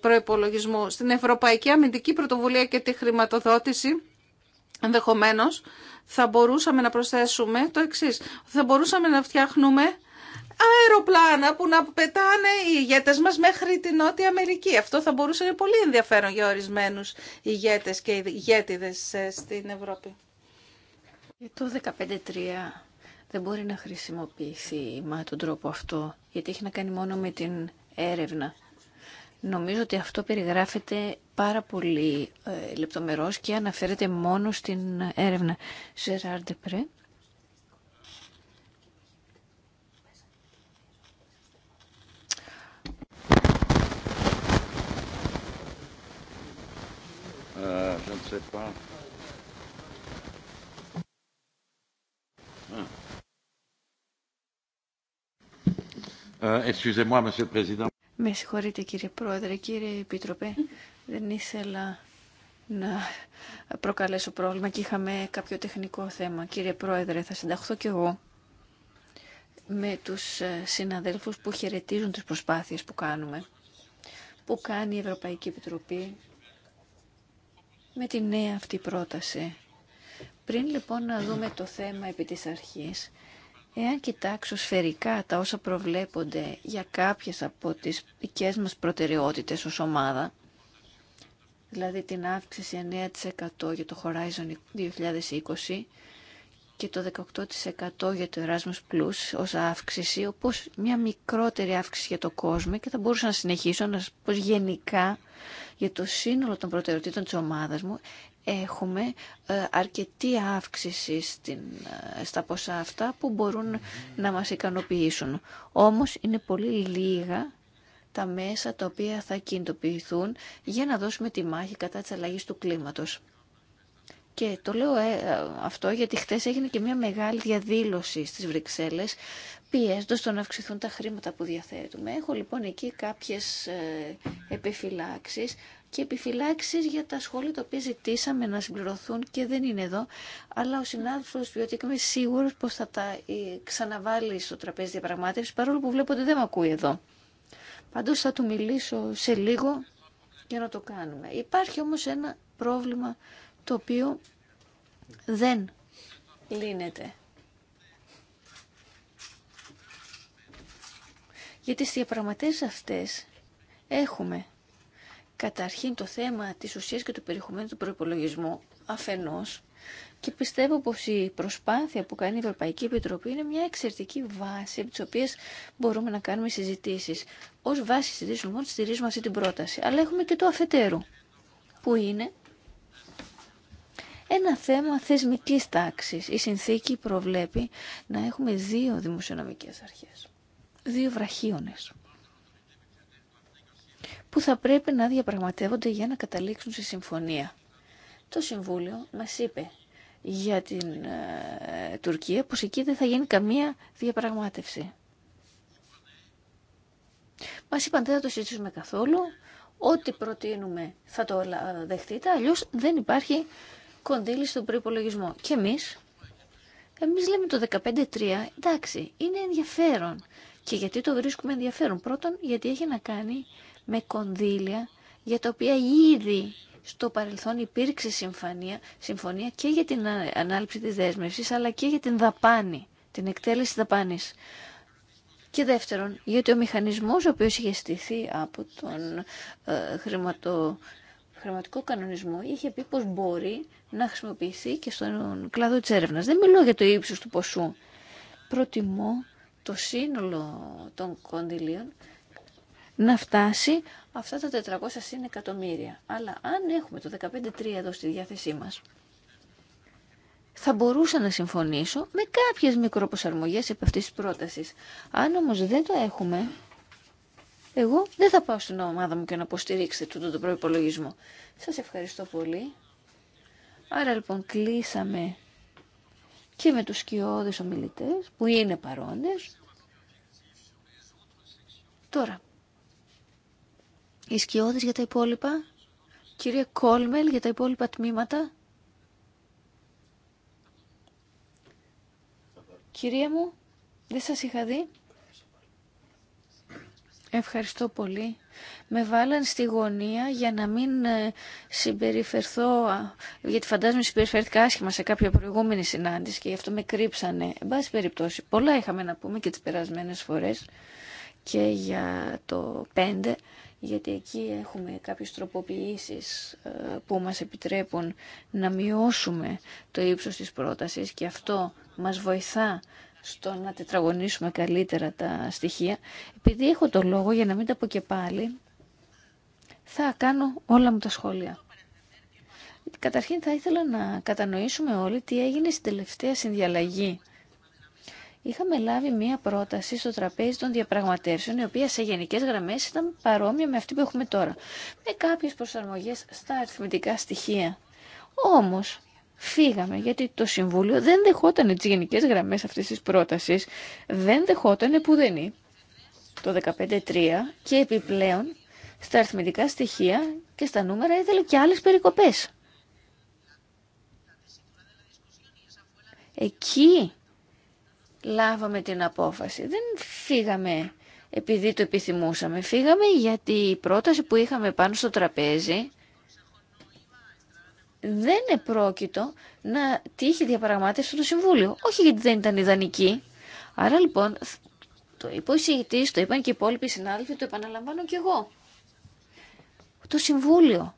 προϋπολογισμού, στην Ευρωπαϊκή Αμυντική Πρωτοβουλία και τη Χρηματοδότηση, Ενδεχομένω, θα μπορούσαμε να προσθέσουμε το εξή. Θα μπορούσαμε να φτιάχνουμε αεροπλάνα που να πετάνε οι ηγέτες μας μέχρι την Νότια Αμερική. Αυτό θα μπορούσε να είναι πολύ ενδιαφέρον για ορισμένους ηγέτες και ηγέτιδες ε, στην Ευρώπη. Το 15.3 δεν μπορεί να χρησιμοποιηθεί με τον τρόπο αυτό, γιατί έχει να κάνει μόνο με την έρευνα. Νομίζω ότι αυτό περιγράφεται πάρα πολύ ε, λεπτομερώς και αναφέρεται μόνο στην έρευνα. Ζεράρντε Euh, je ne sais pas. Ε, ε, excusez-moi, Monsieur le Président. Με συγχωρείτε κύριε Πρόεδρε, κύριε Επίτροπε, δεν ήθελα να προκαλέσω πρόβλημα και είχαμε κάποιο τεχνικό θέμα. Κύριε Πρόεδρε, θα συνταχθώ κι εγώ με τους ε, συναδέλφους που χαιρετίζουν τις προσπάθειες που κάνουμε, που κάνει η Ευρωπαϊκή Επιτροπή με τη νέα αυτή πρόταση. Πριν λοιπόν να δούμε το θέμα επί της αρχής, Εάν κοιτάξω σφαιρικά τα όσα προβλέπονται για κάποιες από τις δικές μας προτεραιότητες ως ομάδα, δηλαδή την αύξηση 9% για το Horizon 2020 και το 18% για το Erasmus Plus ως αύξηση, όπως μια μικρότερη αύξηση για το κόσμο και θα μπορούσα να συνεχίσω να πω γενικά για το σύνολο των προτεραιοτήτων της ομάδας μου έχουμε ε, αρκετή αύξηση στην, ε, στα ποσά αυτά που μπορούν να μας ικανοποιήσουν. Όμως είναι πολύ λίγα τα μέσα τα οποία θα κινητοποιηθούν για να δώσουμε τη μάχη κατά της αλλαγής του κλίματος. Και το λέω ε, αυτό γιατί χτες έγινε και μια μεγάλη διαδήλωση στις Βρυξέλλες πιέζοντας το να αυξηθούν τα χρήματα που διαθέτουμε. Έχω λοιπόν εκεί κάποιες επιφυλάξεις και επιφυλάξεις για τα σχόλια τα οποία ζητήσαμε να συμπληρωθούν και δεν είναι εδώ. Αλλά ο συνάδελφος Βιωτήκ είμαι σίγουρος πως θα τα ε, ξαναβάλει στο τραπέζι διαπραγμάτευση παρόλο που βλέπω ότι δεν με ακούει εδώ. Παντώ θα του μιλήσω σε λίγο για να το κάνουμε. Υπάρχει όμως ένα πρόβλημα το οποίο δεν λύνεται. Γιατί στις διαπραγματεύσεις αυτές έχουμε καταρχήν το θέμα της ουσίας και του περιεχομένου του προϋπολογισμού αφενός και πιστεύω πως η προσπάθεια που κάνει η Ευρωπαϊκή Επιτροπή είναι μια εξαιρετική βάση από τις οποίες μπορούμε να κάνουμε συζητήσεις. Ως βάση συζητήσεων μόνο στηρίζουμε αυτή την πρόταση. Αλλά έχουμε και το αφετέρου που είναι ένα θέμα θεσμικής τάξης. Η συνθήκη προβλέπει να έχουμε δύο δημοσιονομικές αρχές. Δύο βραχίονες που θα πρέπει να διαπραγματεύονται για να καταλήξουν σε συμφωνία. Το Συμβούλιο μας είπε για την ε, Τουρκία πως εκεί δεν θα γίνει καμία διαπραγμάτευση. Μας είπαν δεν θα το συζητήσουμε καθόλου, ό,τι προτείνουμε θα το ε, δεχτείτε, αλλιώς δεν υπάρχει κοντήλη στον προϋπολογισμό. Και εμείς, εμείς λέμε το 15-3, εντάξει, είναι ενδιαφέρον. Και γιατί το βρίσκουμε ενδιαφέρον. Πρώτον, γιατί έχει να κάνει με κονδύλια για τα οποία ήδη στο παρελθόν υπήρξε συμφωνία, συμφωνία και για την ανάληψη της δέσμευσης αλλά και για την δαπάνη, την εκτέλεση της δαπάνης. Και δεύτερον, γιατί ο μηχανισμός ο οποίος είχε στηθεί από τον ε, χρηματικό κανονισμό είχε πει πως μπορεί να χρησιμοποιηθεί και στον κλάδο της έρευνας. Δεν μιλώ για το ύψος του ποσού. Προτιμώ το σύνολο των κονδυλίων να φτάσει αυτά τα 400 συν εκατομμύρια. Αλλά αν έχουμε το 15.3 εδώ στη διάθεσή μας, θα μπορούσα να συμφωνήσω με κάποιες μικροποσαρμογές επ' αυτής της πρότασης. Αν όμως δεν το έχουμε, εγώ δεν θα πάω στην ομάδα μου και να υποστηρίξετε τούτο το προϋπολογισμό. Σας ευχαριστώ πολύ. Άρα λοιπόν κλείσαμε και με τους σκιώδες ομιλητές που είναι παρόντες. Τώρα, οι σκιώδες για τα υπόλοιπα. Κυρία Κόλμελ για τα υπόλοιπα τμήματα. Κυρία μου, δεν σας είχα δει. Ευχαριστώ πολύ. Με βάλαν στη γωνία για να μην ε, συμπεριφερθώ, γιατί φαντάζομαι συμπεριφερθήκα άσχημα σε κάποια προηγούμενη συνάντηση και γι' αυτό με κρύψανε. Εν πάση περιπτώσει, πολλά είχαμε να πούμε και τις περασμένες φορές και για το 5 γιατί εκεί έχουμε κάποιες τροποποιήσεις ε, που μας επιτρέπουν να μειώσουμε το ύψος της πρότασης και αυτό μας βοηθά στο να τετραγωνίσουμε καλύτερα τα στοιχεία. Επειδή έχω το λόγο, για να μην τα πω και πάλι, θα κάνω όλα μου τα σχόλια. Καταρχήν θα ήθελα να κατανοήσουμε όλοι τι έγινε στην τελευταία συνδιαλλαγή είχαμε λάβει μία πρόταση στο τραπέζι των διαπραγματεύσεων, η οποία σε γενικές γραμμές ήταν παρόμοια με αυτή που έχουμε τώρα, με κάποιες προσαρμογές στα αριθμητικά στοιχεία. Όμως, φύγαμε γιατί το Συμβούλιο δεν δεχόταν τι γενικές γραμμές αυτής τη πρόταση, δεν δεχόταν πουδενή το 15-3 και επιπλέον στα αριθμητικά στοιχεία και στα νούμερα ήθελε και άλλες περικοπές. Εκεί λάβαμε την απόφαση. Δεν φύγαμε επειδή το επιθυμούσαμε. Φύγαμε γιατί η πρόταση που είχαμε πάνω στο τραπέζι δεν επρόκειτο να τύχει διαπραγμάτευση στο Συμβούλιο. Όχι γιατί δεν ήταν ιδανική. Άρα λοιπόν, το είπε ο εισηγητής, το είπαν και οι υπόλοιποι συνάδελφοι, το επαναλαμβάνω και εγώ. Το Συμβούλιο,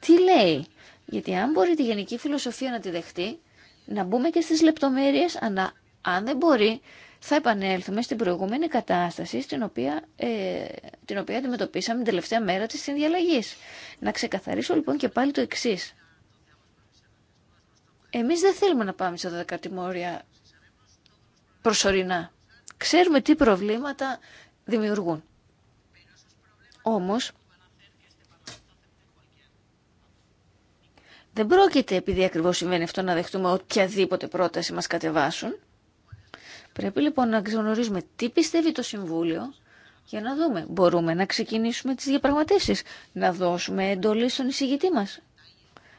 τι λέει. Γιατί αν μπορεί τη γενική φιλοσοφία να τη δεχτεί, να μπούμε και στις λεπτομέρειες ανά αν δεν μπορεί, θα επανέλθουμε στην προηγούμενη κατάσταση στην οποία, ε, την οποία αντιμετωπίσαμε την τελευταία μέρα της συνδιαλλαγής. Να ξεκαθαρίσω λοιπόν και πάλι το εξή. Εμείς δεν θέλουμε να πάμε σε 12 τιμόρια προσωρινά. Ξέρουμε τι προβλήματα δημιουργούν. Όμως, δεν πρόκειται επειδή ακριβώς συμβαίνει αυτό να δεχτούμε οποιαδήποτε πρόταση μας κατεβάσουν. Πρέπει λοιπόν να γνωρίζουμε τι πιστεύει το Συμβούλιο για να δούμε. Μπορούμε να ξεκινήσουμε τις διαπραγματεύσεις, να δώσουμε εντολή στον εισηγητή μας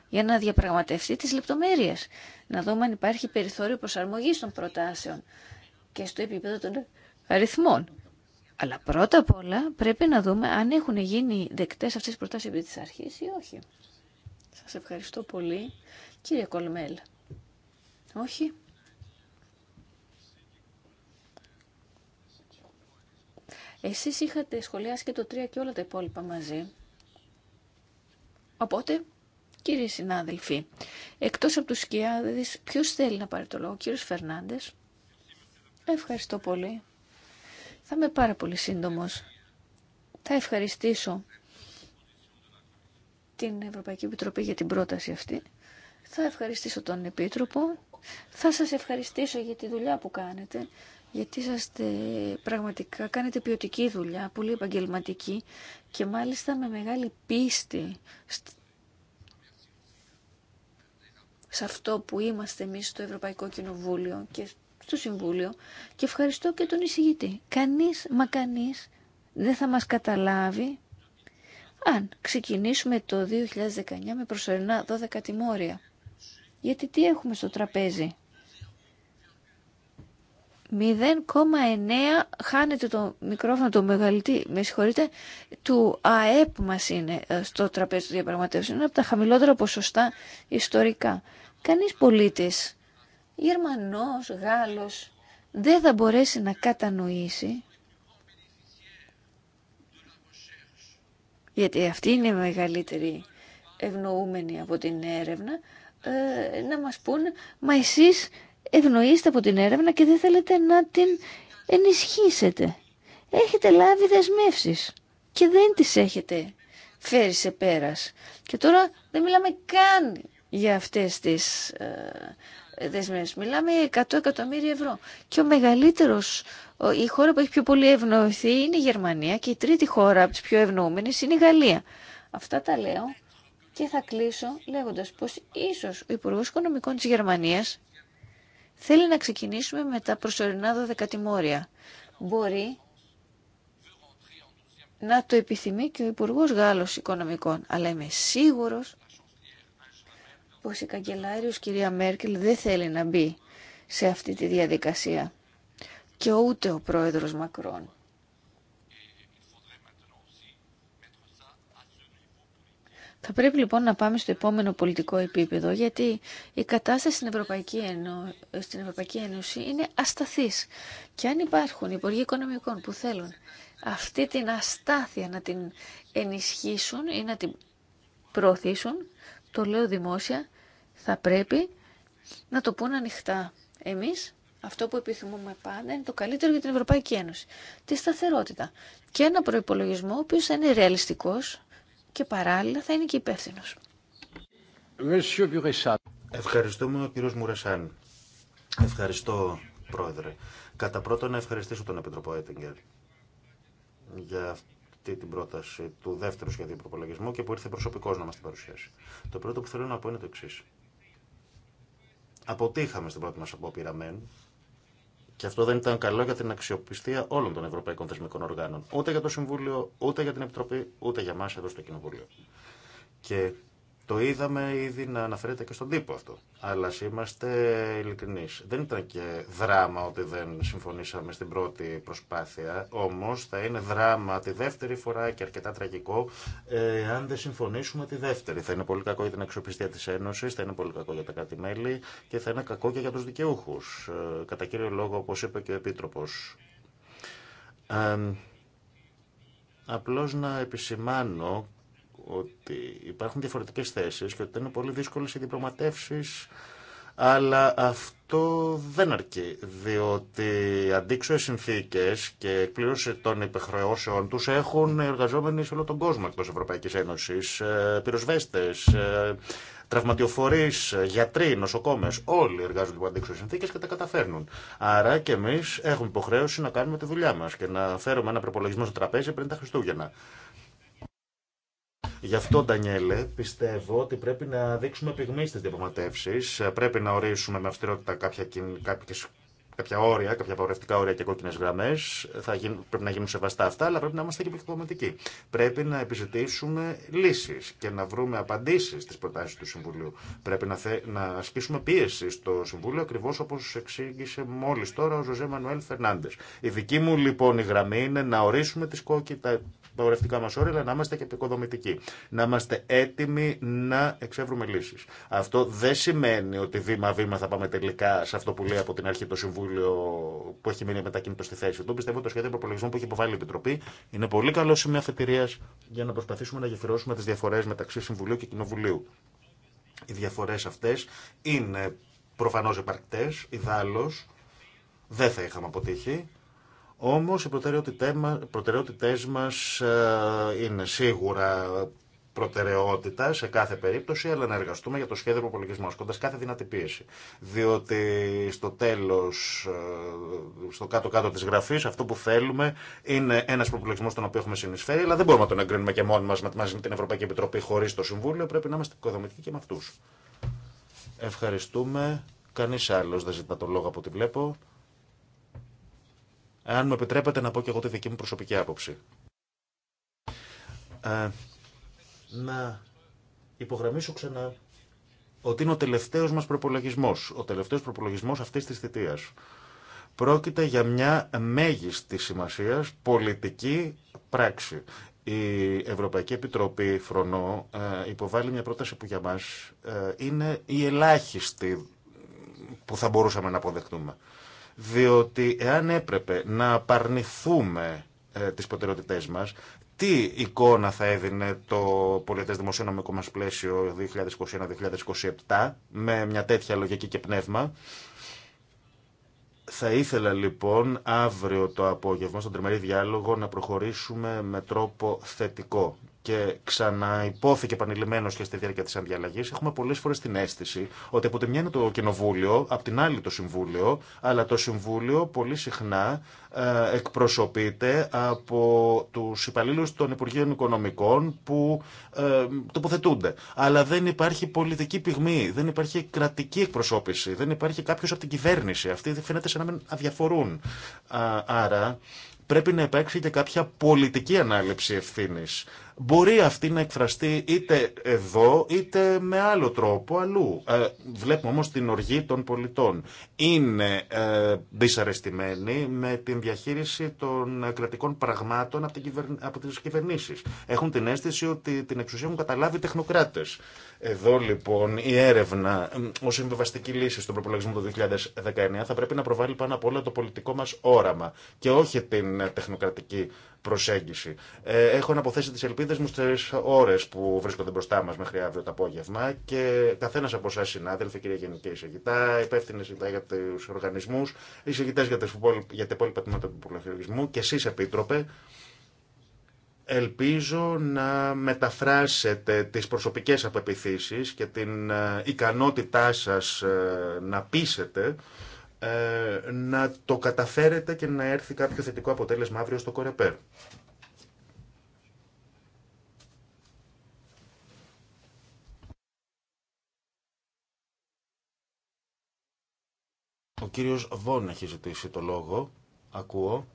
για να διαπραγματευτεί τις λεπτομέρειες, να δούμε αν υπάρχει περιθώριο προσαρμογής των προτάσεων και στο επίπεδο των αριθμών. Αλλά πρώτα απ' όλα πρέπει να δούμε αν έχουν γίνει δεκτές αυτές τις προτάσεις επί της αρχής ή όχι. Σας ευχαριστώ πολύ. Κύριε Κολμέλ. Όχι. Εσείς είχατε σχολιάσει και το 3 και όλα τα υπόλοιπα μαζί. Οπότε, κύριοι συνάδελφοι, εκτός από τους σκιάδες, ποιος θέλει να πάρει το λόγο, ο κύριος Φερνάντες. Ευχαριστώ πολύ. Θα είμαι πάρα πολύ σύντομος. Θα ευχαριστήσω την Ευρωπαϊκή Επιτροπή για την πρόταση αυτή. Θα ευχαριστήσω τον Επίτροπο. Θα σας ευχαριστήσω για τη δουλειά που κάνετε γιατί είσαστε πραγματικά, κάνετε ποιοτική δουλειά, πολύ επαγγελματική και μάλιστα με μεγάλη πίστη σε αυτό που είμαστε εμείς στο Ευρωπαϊκό Κοινοβούλιο και στο Συμβούλιο και ευχαριστώ και τον εισηγητή. Κανείς, μα κανείς δεν θα μας καταλάβει αν ξεκινήσουμε το 2019 με προσωρινά 12 τιμόρια. Γιατί τι έχουμε στο τραπέζι. 0,9 χάνεται το μικρόφωνο το μεγαλύτερο, με συγχωρείτε, του ΑΕΠ μας είναι ε, στο τραπέζι του διαπραγματεύσεων. Είναι από τα χαμηλότερα ποσοστά ιστορικά. Κανείς πολίτης, Γερμανός, Γάλλος, δεν θα μπορέσει να κατανοήσει γιατί αυτή είναι η μεγαλύτερη ευνοούμενη από την έρευνα, ε, να μας πούνε, μα εσείς ευνοείστε από την έρευνα και δεν θέλετε να την ενισχύσετε. Έχετε λάβει δεσμεύσεις και δεν τις έχετε φέρει σε πέρας. Και τώρα δεν μιλάμε καν για αυτές τις ε, δεσμεύσεις. Μιλάμε 100 εκατομμύρια ευρώ. Και ο μεγαλύτερος, η χώρα που έχει πιο πολύ ευνοηθεί είναι η Γερμανία και η τρίτη χώρα από τις πιο ευνοούμενες είναι η Γαλλία. Αυτά τα λέω και θα κλείσω λέγοντας πως ίσως ο Υπουργός Οικονομικών της Γερμανίας θέλει να ξεκινήσουμε με τα προσωρινά δωδεκατημόρια. Μπορεί να το επιθυμεί και ο Υπουργό Γάλλος Οικονομικών, αλλά είμαι σίγουρος πως η καγκελάριος κυρία Μέρκελ δεν θέλει να μπει σε αυτή τη διαδικασία και ούτε ο πρόεδρος Μακρόν. Θα πρέπει λοιπόν να πάμε στο επόμενο πολιτικό επίπεδο, γιατί η κατάσταση στην Ευρωπαϊκή, Ένω... στην Ευρωπαϊκή Ένωση είναι ασταθής. Και αν υπάρχουν υπουργοί οικονομικών που θέλουν αυτή την αστάθεια να την ενισχύσουν ή να την προωθήσουν, το λέω δημόσια, θα πρέπει να το πούν ανοιχτά. Εμείς αυτό που επιθυμούμε πάντα είναι το καλύτερο για την Ευρωπαϊκή Ένωση. Τη σταθερότητα. Και ένα προπολογισμό ο οποίο θα είναι ρεαλιστικός, και παράλληλα θα είναι και υπεύθυνο. Ευχαριστούμε ο κύριος Μουρεσάν. Ευχαριστώ, Πρόεδρε. Κατά πρώτον, να ευχαριστήσω τον Επιτροπό Έτιγκερ για αυτή την πρόταση του δεύτερου σχεδίου προπολογισμού και που ήρθε προσωπικό να μα την παρουσιάσει. Το πρώτο που θέλω να πω είναι το εξή. Αποτύχαμε στην πρώτη μα απόπειρα, και αυτό δεν ήταν καλό για την αξιοπιστία όλων των ευρωπαϊκών θεσμικών οργάνων. Ούτε για το Συμβούλιο, ούτε για την Επιτροπή, ούτε για εμά εδώ στο Κοινοβούλιο. Και το είδαμε ήδη να αναφέρεται και στον τύπο αυτό. Αλλά ας είμαστε ειλικρινεί. Δεν ήταν και δράμα ότι δεν συμφωνήσαμε στην πρώτη προσπάθεια. Όμω θα είναι δράμα τη δεύτερη φορά και αρκετά τραγικό ε, αν δεν συμφωνήσουμε τη δεύτερη. Θα είναι πολύ κακό για την αξιοπιστία τη Ένωση, θα είναι πολύ κακό για τα κράτη-μέλη και θα είναι κακό και για του δικαιούχου. Ε, κατά κύριο λόγο, όπω είπε και ο Επίτροπο. Ε, απλώς να επισημάνω ότι υπάρχουν διαφορετικές θέσεις και ότι είναι πολύ δύσκολες οι διπλωματεύσεις αλλά αυτό δεν αρκεί, διότι αντίξωες συνθήκες και εκπλήρωση των υπεχρεώσεων τους έχουν εργαζόμενοι σε όλο τον κόσμο εκτός Ευρωπαϊκής Ένωσης, ε, πυροσβέστες, ε, τραυματιοφορείς, ε, γιατροί, νοσοκόμες, όλοι εργάζονται υπό αντίξωες συνθήκες και τα καταφέρνουν. Άρα και εμείς έχουμε υποχρέωση να κάνουμε τη δουλειά μας και να φέρουμε ένα προπολογισμό στο τραπέζι πριν τα Χριστούγεννα. Γι' αυτό, Ντανιέλε, πιστεύω ότι πρέπει να δείξουμε πυγμή στι διαπραγματεύσει. Πρέπει να ορίσουμε με αυστηρότητα κάποια, κάποιες, κάποια όρια, κάποια απαγορευτικά όρια και κόκκινε γραμμέ. Πρέπει να γίνουν σεβαστά αυτά, αλλά πρέπει να είμαστε και επικοδομητικοί. Πρέπει να επιζητήσουμε λύσει και να βρούμε απαντήσει στι προτάσει του Συμβουλίου. Πρέπει να, θε, να ασκήσουμε πίεση στο Συμβούλιο, ακριβώ όπω εξήγησε μόλι τώρα ο Ζωζέ Μανουέλ Φερνάντε. Η δική μου λοιπόν η γραμμή είναι να ορίσουμε τι κόκκι, απαγορευτικά μα όρια, αλλά να είμαστε και επικοδομητικοί. Να είμαστε έτοιμοι να εξεύρουμε λύσει. Αυτό δεν σημαίνει ότι βήμα-βήμα θα πάμε τελικά σε αυτό που λέει από την αρχή το Συμβούλιο που έχει μείνει μετακίνητο στη θέση του. Πιστεύω το σχέδιο προπολογισμού που έχει υποβάλει η Επιτροπή είναι πολύ καλό σημείο αφετηρία για να προσπαθήσουμε να γεφυρώσουμε τι διαφορέ μεταξύ Συμβουλίου και Κοινοβουλίου. Οι διαφορέ αυτέ είναι προφανώ επαρκτέ, ιδάλω δεν θα είχαμε αποτύχει όμως οι προτεραιότητές μας ε, είναι σίγουρα προτεραιότητα σε κάθε περίπτωση, αλλά να εργαστούμε για το σχέδιο προπολογισμού, ασκώντα κάθε δυνατή πίεση. Διότι στο τέλο, ε, στο κάτω-κάτω τη γραφή, αυτό που θέλουμε είναι ένα προπολογισμό στον οποίο έχουμε συνεισφέρει, αλλά δεν μπορούμε να τον εγκρίνουμε και μόνοι μα μαζί με την Ευρωπαϊκή Επιτροπή χωρί το Συμβούλιο. Πρέπει να είμαστε οικοδομητικοί και με αυτού. Ευχαριστούμε. Κανεί άλλο δεν ζητά το λόγο από ό,τι βλέπω. Αν μου επιτρέπετε να πω και εγώ τη δική μου προσωπική άποψη. Ε, να υπογραμμίσω ξανά ότι είναι ο τελευταίος μας προπολογισμός, ο τελευταίος προπολογισμός αυτής της θητείας. Πρόκειται για μια μέγιστη σημασίας πολιτική πράξη. Η Ευρωπαϊκή Επιτροπή, φρονώ, ε, υποβάλλει μια πρόταση που για μας ε, είναι η ελάχιστη που θα μπορούσαμε να αποδεχτούμε. Διότι εάν έπρεπε να απαρνηθούμε ε, τις προτεραιότητές μας, τι εικόνα θα έδινε το πολιτές δημοσιονομικό μας πλαίσιο 2021-2027 με μια τέτοια λογική και πνεύμα. Θα ήθελα λοιπόν αύριο το απόγευμα στον τριμερή διάλογο να προχωρήσουμε με τρόπο θετικό και ξαναυπόθηκε επανειλημμένω και στη διάρκεια τη Ανδιαλλαγή. έχουμε πολλέ φορέ την αίσθηση ότι από τη μια είναι το Κοινοβούλιο, από την άλλη το Συμβούλιο, αλλά το Συμβούλιο πολύ συχνά ε, εκπροσωπείται από του υπαλλήλου των Υπουργείων Οικονομικών που ε, τοποθετούνται. Αλλά δεν υπάρχει πολιτική πυγμή, δεν υπάρχει κρατική εκπροσώπηση, δεν υπάρχει κάποιο από την κυβέρνηση. Αυτοί φαίνεται σαν να μην αδιαφορούν. άρα πρέπει να υπάρξει και κάποια πολιτική ανάληψη ευθύνη. Μπορεί αυτή να εκφραστεί είτε εδώ είτε με άλλο τρόπο αλλού. Ε, βλέπουμε όμως την οργή των πολιτών. Είναι ε, δυσαρεστημένοι με την διαχείριση των κρατικών πραγμάτων από, την από τις κυβερνήσεις. Έχουν την αίσθηση ότι την εξουσία έχουν καταλάβει τεχνοκράτες. Εδώ λοιπόν η έρευνα ω συμβιβαστική λύση στον προπολογισμό του 2019 θα πρέπει να προβάλλει πάνω απ' όλα το πολιτικό μα όραμα και όχι την τεχνοκρατική προσέγγιση. Ε, έχω να αποθέσει τι ελπίδε μου στι ώρε που βρίσκονται μπροστά μα μέχρι αύριο το απόγευμα και καθένα από εσά, συνάδελφοι, κυρία Γενική Εισηγητά, υπεύθυνη για του οργανισμού, εισηγητέ για, τα υπόλοιπα τμήματα του προλογισμού και εσεί, Επίτροπε, Ελπίζω να μεταφράσετε τις προσωπικές απεπιθήσεις και την ε, ικανότητά σας ε, να πείσετε ε, να το καταφέρετε και να έρθει κάποιο θετικό αποτέλεσμα αύριο στο Κορεπέρ. Ο κύριος Βόν έχει ζητήσει το λόγο. Ακούω.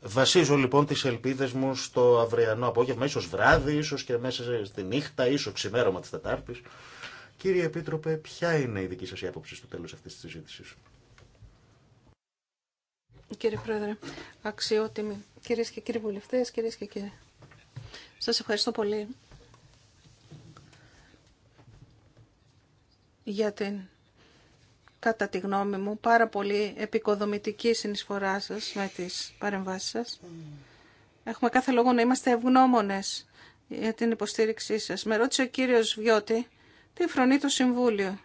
Βασίζω λοιπόν τις ελπίδες μου στο αυριανό απόγευμα, ίσως βράδυ, ίσως και μέσα στη νύχτα, ίσως ξημέρωμα της Τετάρτης. Κύριε Επίτροπε, ποια είναι η δική σας η άποψη στο τέλος αυτής της συζήτησης. Κύριε Πρόεδρε, αξιότιμοι κυρίες και κύριοι βουλευτές, κυρίες και κύριοι. Σας ευχαριστώ πολύ για την, κατά τη γνώμη μου, πάρα πολύ επικοδομητική συνεισφορά σας με τις παρεμβάσεις σας. Έχουμε κάθε λόγο να είμαστε ευγνώμονες για την υποστήριξή σας. Με ρώτησε ο κύριος Βιώτη τι φρονεί το Συμβούλιο.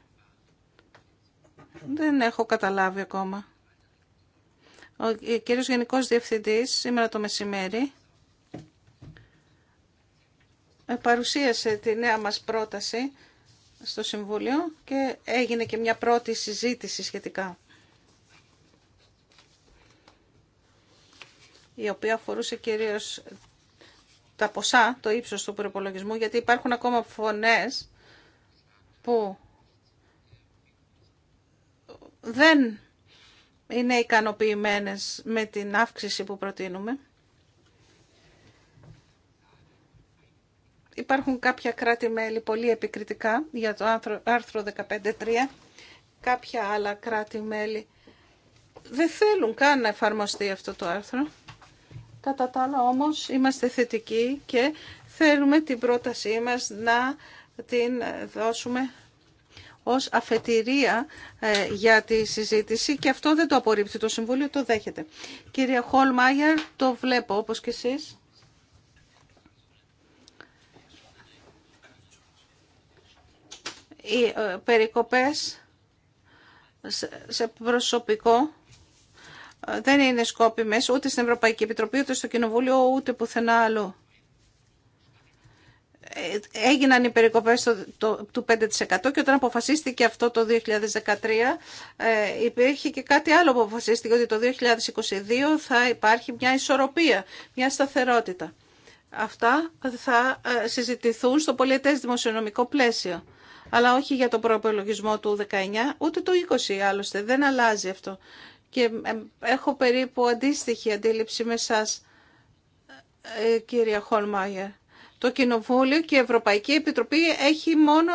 Δεν έχω καταλάβει ακόμα. Ο κύριος Γενικός Διευθυντής σήμερα το μεσημέρι ε, παρουσίασε τη νέα μας πρόταση στο Συμβούλιο και έγινε και μια πρώτη συζήτηση σχετικά. Η οποία αφορούσε κυρίως τα ποσά, το ύψος του προπολογισμού, γιατί υπάρχουν ακόμα φωνές που δεν είναι ικανοποιημένες με την αύξηση που προτείνουμε. Υπάρχουν κάποια κράτη-μέλη πολύ επικριτικά για το άρθρο 15.3. Κάποια άλλα κράτη-μέλη δεν θέλουν καν να εφαρμοστεί αυτό το άρθρο. Κατά τα άλλα όμως είμαστε θετικοί και θέλουμε την πρότασή μας να την δώσουμε ως αφετηρία ε, για τη συζήτηση και αυτό δεν το απορρίπτει το Συμβούλιο, το δέχεται. Κυρία Χολμάγερ, το βλέπω όπως και εσείς. Οι ε, περικοπές σε προσωπικό ε, δεν είναι σκόπιμες ούτε στην Ευρωπαϊκή Επιτροπή, ούτε στο Κοινοβούλιο, ούτε πουθενά άλλο. Ε, έγιναν οι περικοπές του 5% και όταν αποφασίστηκε αυτό το 2013 ε, υπήρχε και κάτι άλλο που αποφασίστηκε ότι το 2022 θα υπάρχει μια ισορροπία, μια σταθερότητα. Αυτά θα ε, συζητηθούν στο πολιετές δημοσιονομικό πλαίσιο. Αλλά όχι για τον προπολογισμό του 19, ούτε του 20 άλλωστε. Δεν αλλάζει αυτό. Και έχω περίπου αντίστοιχη αντίληψη με εσάς, κυρία Χολμάγερ. Το Κοινοβούλιο και η Ευρωπαϊκή Επιτροπή έχει μόνο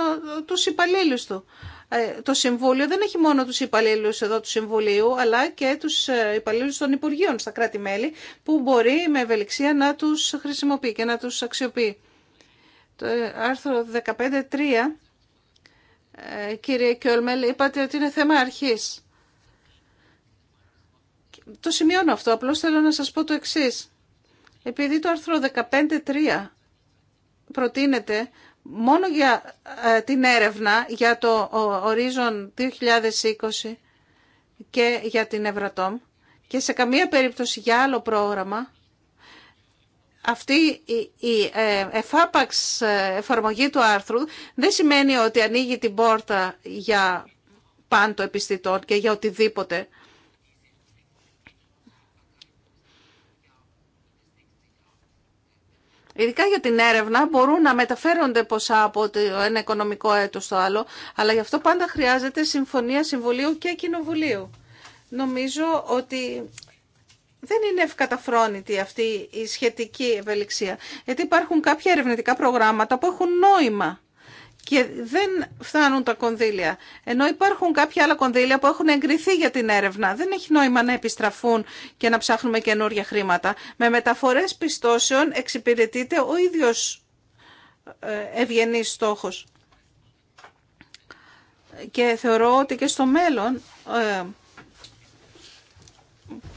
τους υπαλλήλου του. Ε, το Συμβούλιο δεν έχει μόνο τους υπαλλήλου εδώ του Συμβουλίου, αλλά και τους ε, υπαλλήλου των Υπουργείων στα κράτη-μέλη, που μπορεί με ευελιξία να τους χρησιμοποιεί και να τους αξιοποιεί. Το ε, άρθρο 15.3, κύριε Κιόλμελ, είπατε ότι είναι θέμα αρχής. Το σημειώνω αυτό, απλώς θέλω να σας πω το εξής. Επειδή το άρθρο 15.3 προτείνεται μόνο για ε, την έρευνα για το Horizon 2020 και για την Ευρατόμ και σε καμία περίπτωση για άλλο πρόγραμμα αυτή η ε, εφάπαξ ε, εφαρμογή του άρθρου δεν σημαίνει ότι ανοίγει την πόρτα για πάντο επιστητών και για οτιδήποτε. Ειδικά για την έρευνα μπορούν να μεταφέρονται ποσά από ένα οικονομικό έτος στο άλλο, αλλά γι' αυτό πάντα χρειάζεται συμφωνία Συμβουλίου και Κοινοβουλίου. Νομίζω ότι δεν είναι ευκαταφρόνητη αυτή η σχετική ευελιξία, γιατί υπάρχουν κάποια ερευνητικά προγράμματα που έχουν νόημα και δεν φτάνουν τα κονδύλια. Ενώ υπάρχουν κάποια άλλα κονδύλια που έχουν εγκριθεί για την έρευνα. Δεν έχει νόημα να επιστραφούν και να ψάχνουμε καινούργια χρήματα. Με μεταφορές πιστώσεων εξυπηρετείται ο ίδιος ε, ευγενής στόχος. Και θεωρώ ότι και στο μέλλον ε,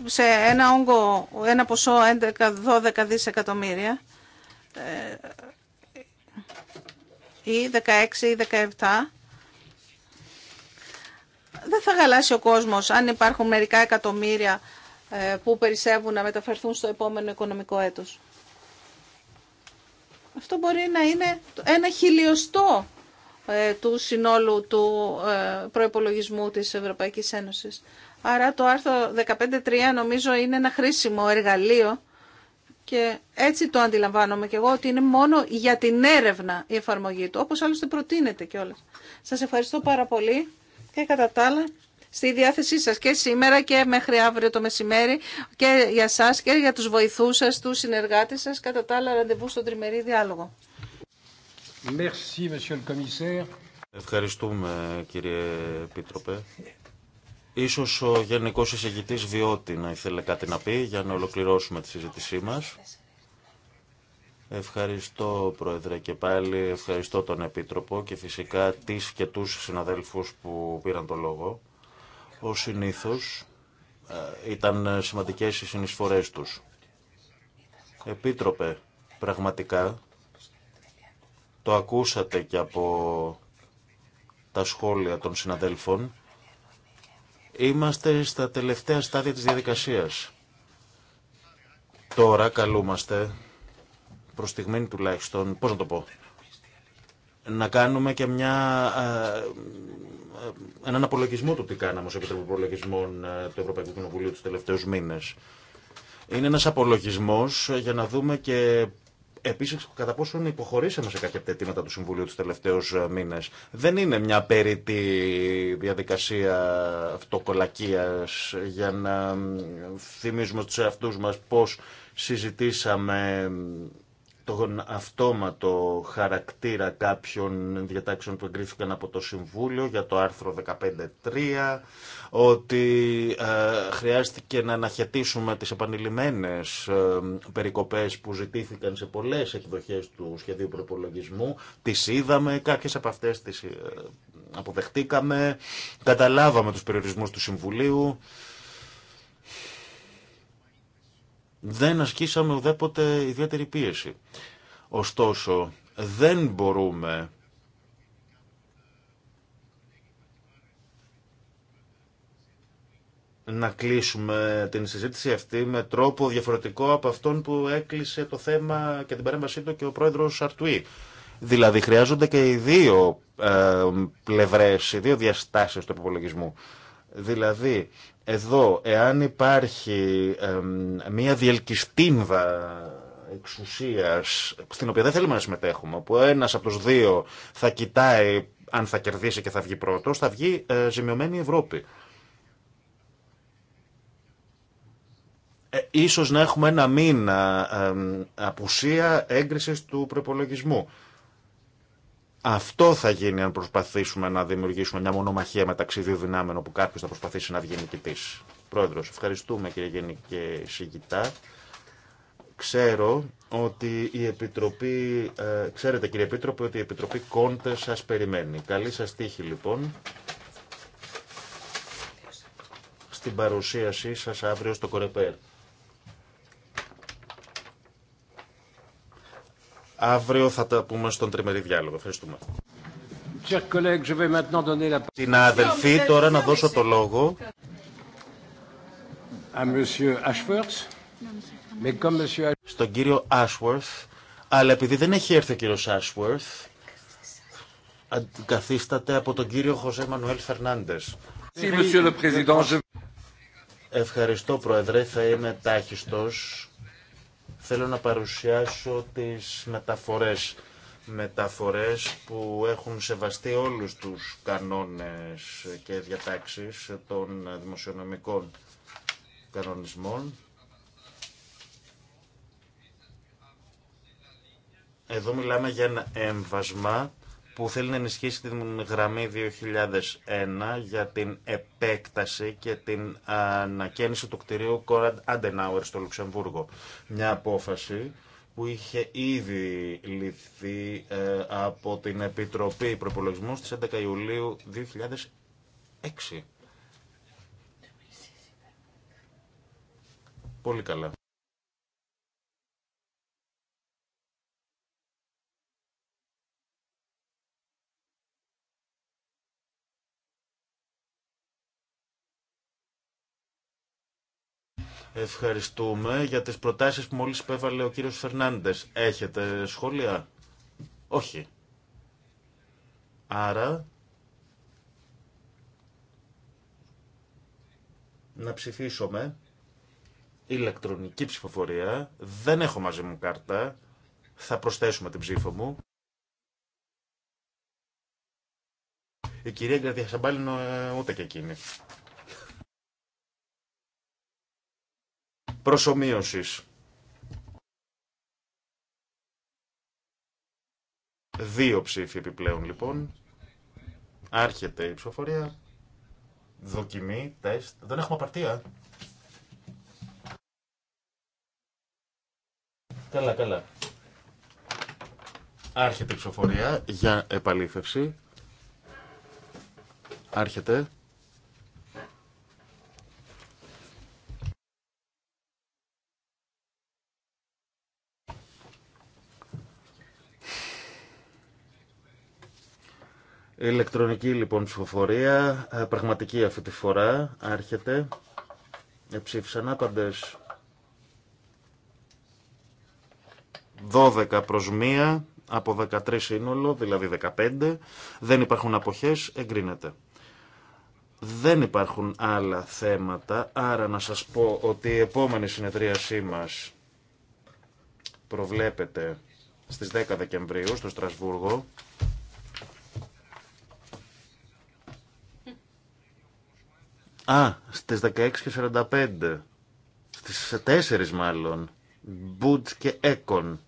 σε ένα όγκο, ένα ποσό 11-12 δισεκατομμύρια ε, ή 16 ή 17 δεν θα γαλάσει ο κόσμος αν υπάρχουν μερικά εκατομμύρια ε, που περισσεύουν να μεταφερθούν στο επόμενο οικονομικό έτος. Αυτό μπορεί να είναι ένα χιλιοστό ε, του συνόλου του ε, προϋπολογισμού της Ευρωπαϊκής Ένωσης. Άρα το άρθρο 15.3 νομίζω είναι ένα χρήσιμο εργαλείο και έτσι το αντιλαμβάνομαι και εγώ ότι είναι μόνο για την έρευνα η εφαρμογή του, όπως άλλωστε προτείνεται κιόλα. Σας ευχαριστώ πάρα πολύ και κατά τα άλλα στη διάθεσή σας και σήμερα και μέχρι αύριο το μεσημέρι και για σας και για τους βοηθούς σας, τους συνεργάτες σας, κατά τα άλλα ραντεβού στον τριμερή διάλογο. Merci, Ευχαριστούμε κύριε Επίτροπε. Ίσως ο Γενικός Εισηγητής Βιώτη να ήθελε κάτι να πει για να ολοκληρώσουμε τη συζήτησή μας. Ευχαριστώ Πρόεδρε και πάλι, ευχαριστώ τον Επίτροπο και φυσικά τις και τους συναδέλφους που πήραν το λόγο. Ο συνήθως ε, ήταν σημαντικές οι συνεισφορές τους. Επίτροπε, πραγματικά το ακούσατε και από τα σχόλια των συναδέλφων. Είμαστε στα τελευταία στάδια της διαδικασίας. Τώρα καλούμαστε, προς στιγμή τουλάχιστον, πώς να το πω, να κάνουμε και μια, ε, ε, έναν απολογισμό του τι κάναμε ως Επιτροπή Προλογισμών ε, του Ευρωπαϊκού Κοινοβουλίου τους τελευταίους μήνες. Είναι ένας απολογισμός για να δούμε και Επίση, κατά πόσον υποχωρήσαμε σε κάποια αιτήματα του Συμβουλίου του τελευταίου ε, μήνε. Δεν είναι μια περίτη διαδικασία αυτοκολακία για να θυμίζουμε στου εαυτού μα πώ συζητήσαμε τον αυτόματο χαρακτήρα κάποιων διατάξεων που εγκρίθηκαν από το Συμβούλιο για το άρθρο 15.3, ότι ε, χρειάστηκε να αναχαιτήσουμε τις επανειλημμένες ε, περικοπές που ζητήθηκαν σε πολλές εκδοχές του σχεδίου προπολογισμού. Τις είδαμε, κάποιες από αυτές τις ε, αποδεχτήκαμε, καταλάβαμε τους περιορισμούς του Συμβουλίου δεν ασκήσαμε ουδέποτε ιδιαίτερη πίεση. Ωστόσο, δεν μπορούμε να κλείσουμε την συζήτηση αυτή με τρόπο διαφορετικό από αυτόν που έκλεισε το θέμα και την παρέμβασή του και ο πρόεδρος Σαρτουή. Δηλαδή χρειάζονται και οι δύο ε, πλευρές, οι δύο διαστάσεις του υπολογισμού. Δηλαδή, εδώ, εάν υπάρχει μία διελκυστίνδα εξουσίας, στην οποία δεν θέλουμε να συμμετέχουμε, που ένας από τους δύο θα κοιτάει αν θα κερδίσει και θα βγει πρώτος, θα βγει ε, ζημιωμένη η Ευρώπη. Ε, ίσως να έχουμε ένα μήνα απουσία έγκρισης του προπολογισμού. Αυτό θα γίνει αν προσπαθήσουμε να δημιουργήσουμε μια μονομαχία μεταξύ δύο δυνάμεων που κάποιο θα προσπαθήσει να βγει νικητή. Πρόεδρο, ευχαριστούμε κύριε Γενική Συγητά. Ξέρω ότι η Επιτροπή, ε, ξέρετε κύριε Επίτροπε, ότι η Επιτροπή Κόντε σας περιμένει. Καλή σας τύχη λοιπόν στην παρουσίασή σας αύριο στο Κορεπέρ. Αύριο θα τα πούμε στον τριμερή διάλογο. Ευχαριστούμε. Την αδελφή τώρα να δώσω το λόγο. Στον κύριο Ashworth, αλλά επειδή δεν έχει έρθει ο κύριος Ashworth, αντικαθίσταται από τον κύριο Χωσέ Μανουέλ Φερνάντες. Ευχαριστώ, Πρόεδρε. Θα είμαι τάχιστος. Θέλω να παρουσιάσω τις μεταφορές. Μεταφορές που έχουν σεβαστεί όλους τους κανόνες και διατάξεις των δημοσιονομικών κανονισμών. Εδώ μιλάμε για ένα έμβασμα που θέλει να ενισχύσει την γραμμή 2001 για την επέκταση και την ανακαίνιση του κτηρίου Κόραντ Αντενάουερ στο Λουξεμβούργο. Μια απόφαση που είχε ήδη ληφθεί ε, από την Επιτροπή Προπολογισμού στις 11 Ιουλίου 2006. Πολύ καλά. Ευχαριστούμε για τις προτάσεις που μόλις υπέβαλε ο κύριος Φερνάντες. Έχετε σχόλια? Όχι. Άρα... Να ψηφίσουμε ηλεκτρονική ψηφοφορία. Δεν έχω μαζί μου κάρτα. Θα προσθέσουμε την ψήφο μου. Η κυρία ε, ούτε και εκείνη. προσωμείωση. Δύο ψήφοι επιπλέον λοιπόν. Άρχεται η ψηφοφορία. Δοκιμή, τεστ. Δεν έχουμε απαρτία. Καλά, καλά. Άρχεται η ψηφοφορία για επαλήθευση. Άρχεται. Ηλεκτρονική λοιπόν ψηφοφορία, ε, πραγματική αυτή τη φορά, άρχεται. ψήφισαν άπαντες 12 προς 1 από 13 σύνολο, δηλαδή 15. Δεν υπάρχουν αποχές, εγκρίνεται. Δεν υπάρχουν άλλα θέματα, άρα να σας πω ότι η επόμενη συνεδρίασή μας προβλέπεται στις 10 Δεκεμβρίου στο Στρασβούργο Α, στι 16 και 45. Στις 4 μάλλον. Μπουτ και Έκον.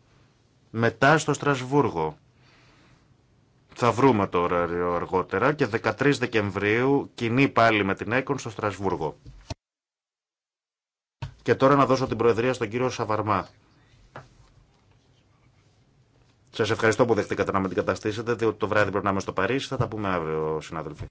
Μετά στο Στρασβούργο. Θα βρούμε το ωράριο αργότερα και 13 Δεκεμβρίου κοινή πάλι με την ΕΚΟΝ στο Στρασβούργο. Και τώρα να δώσω την Προεδρία στον κύριο Σαβαρμά. Σας ευχαριστώ που δεχτήκατε να με την καταστήσετε, διότι το βράδυ πρέπει να είμαι στο Παρίσι. Θα τα πούμε αύριο, συνάδελφοι.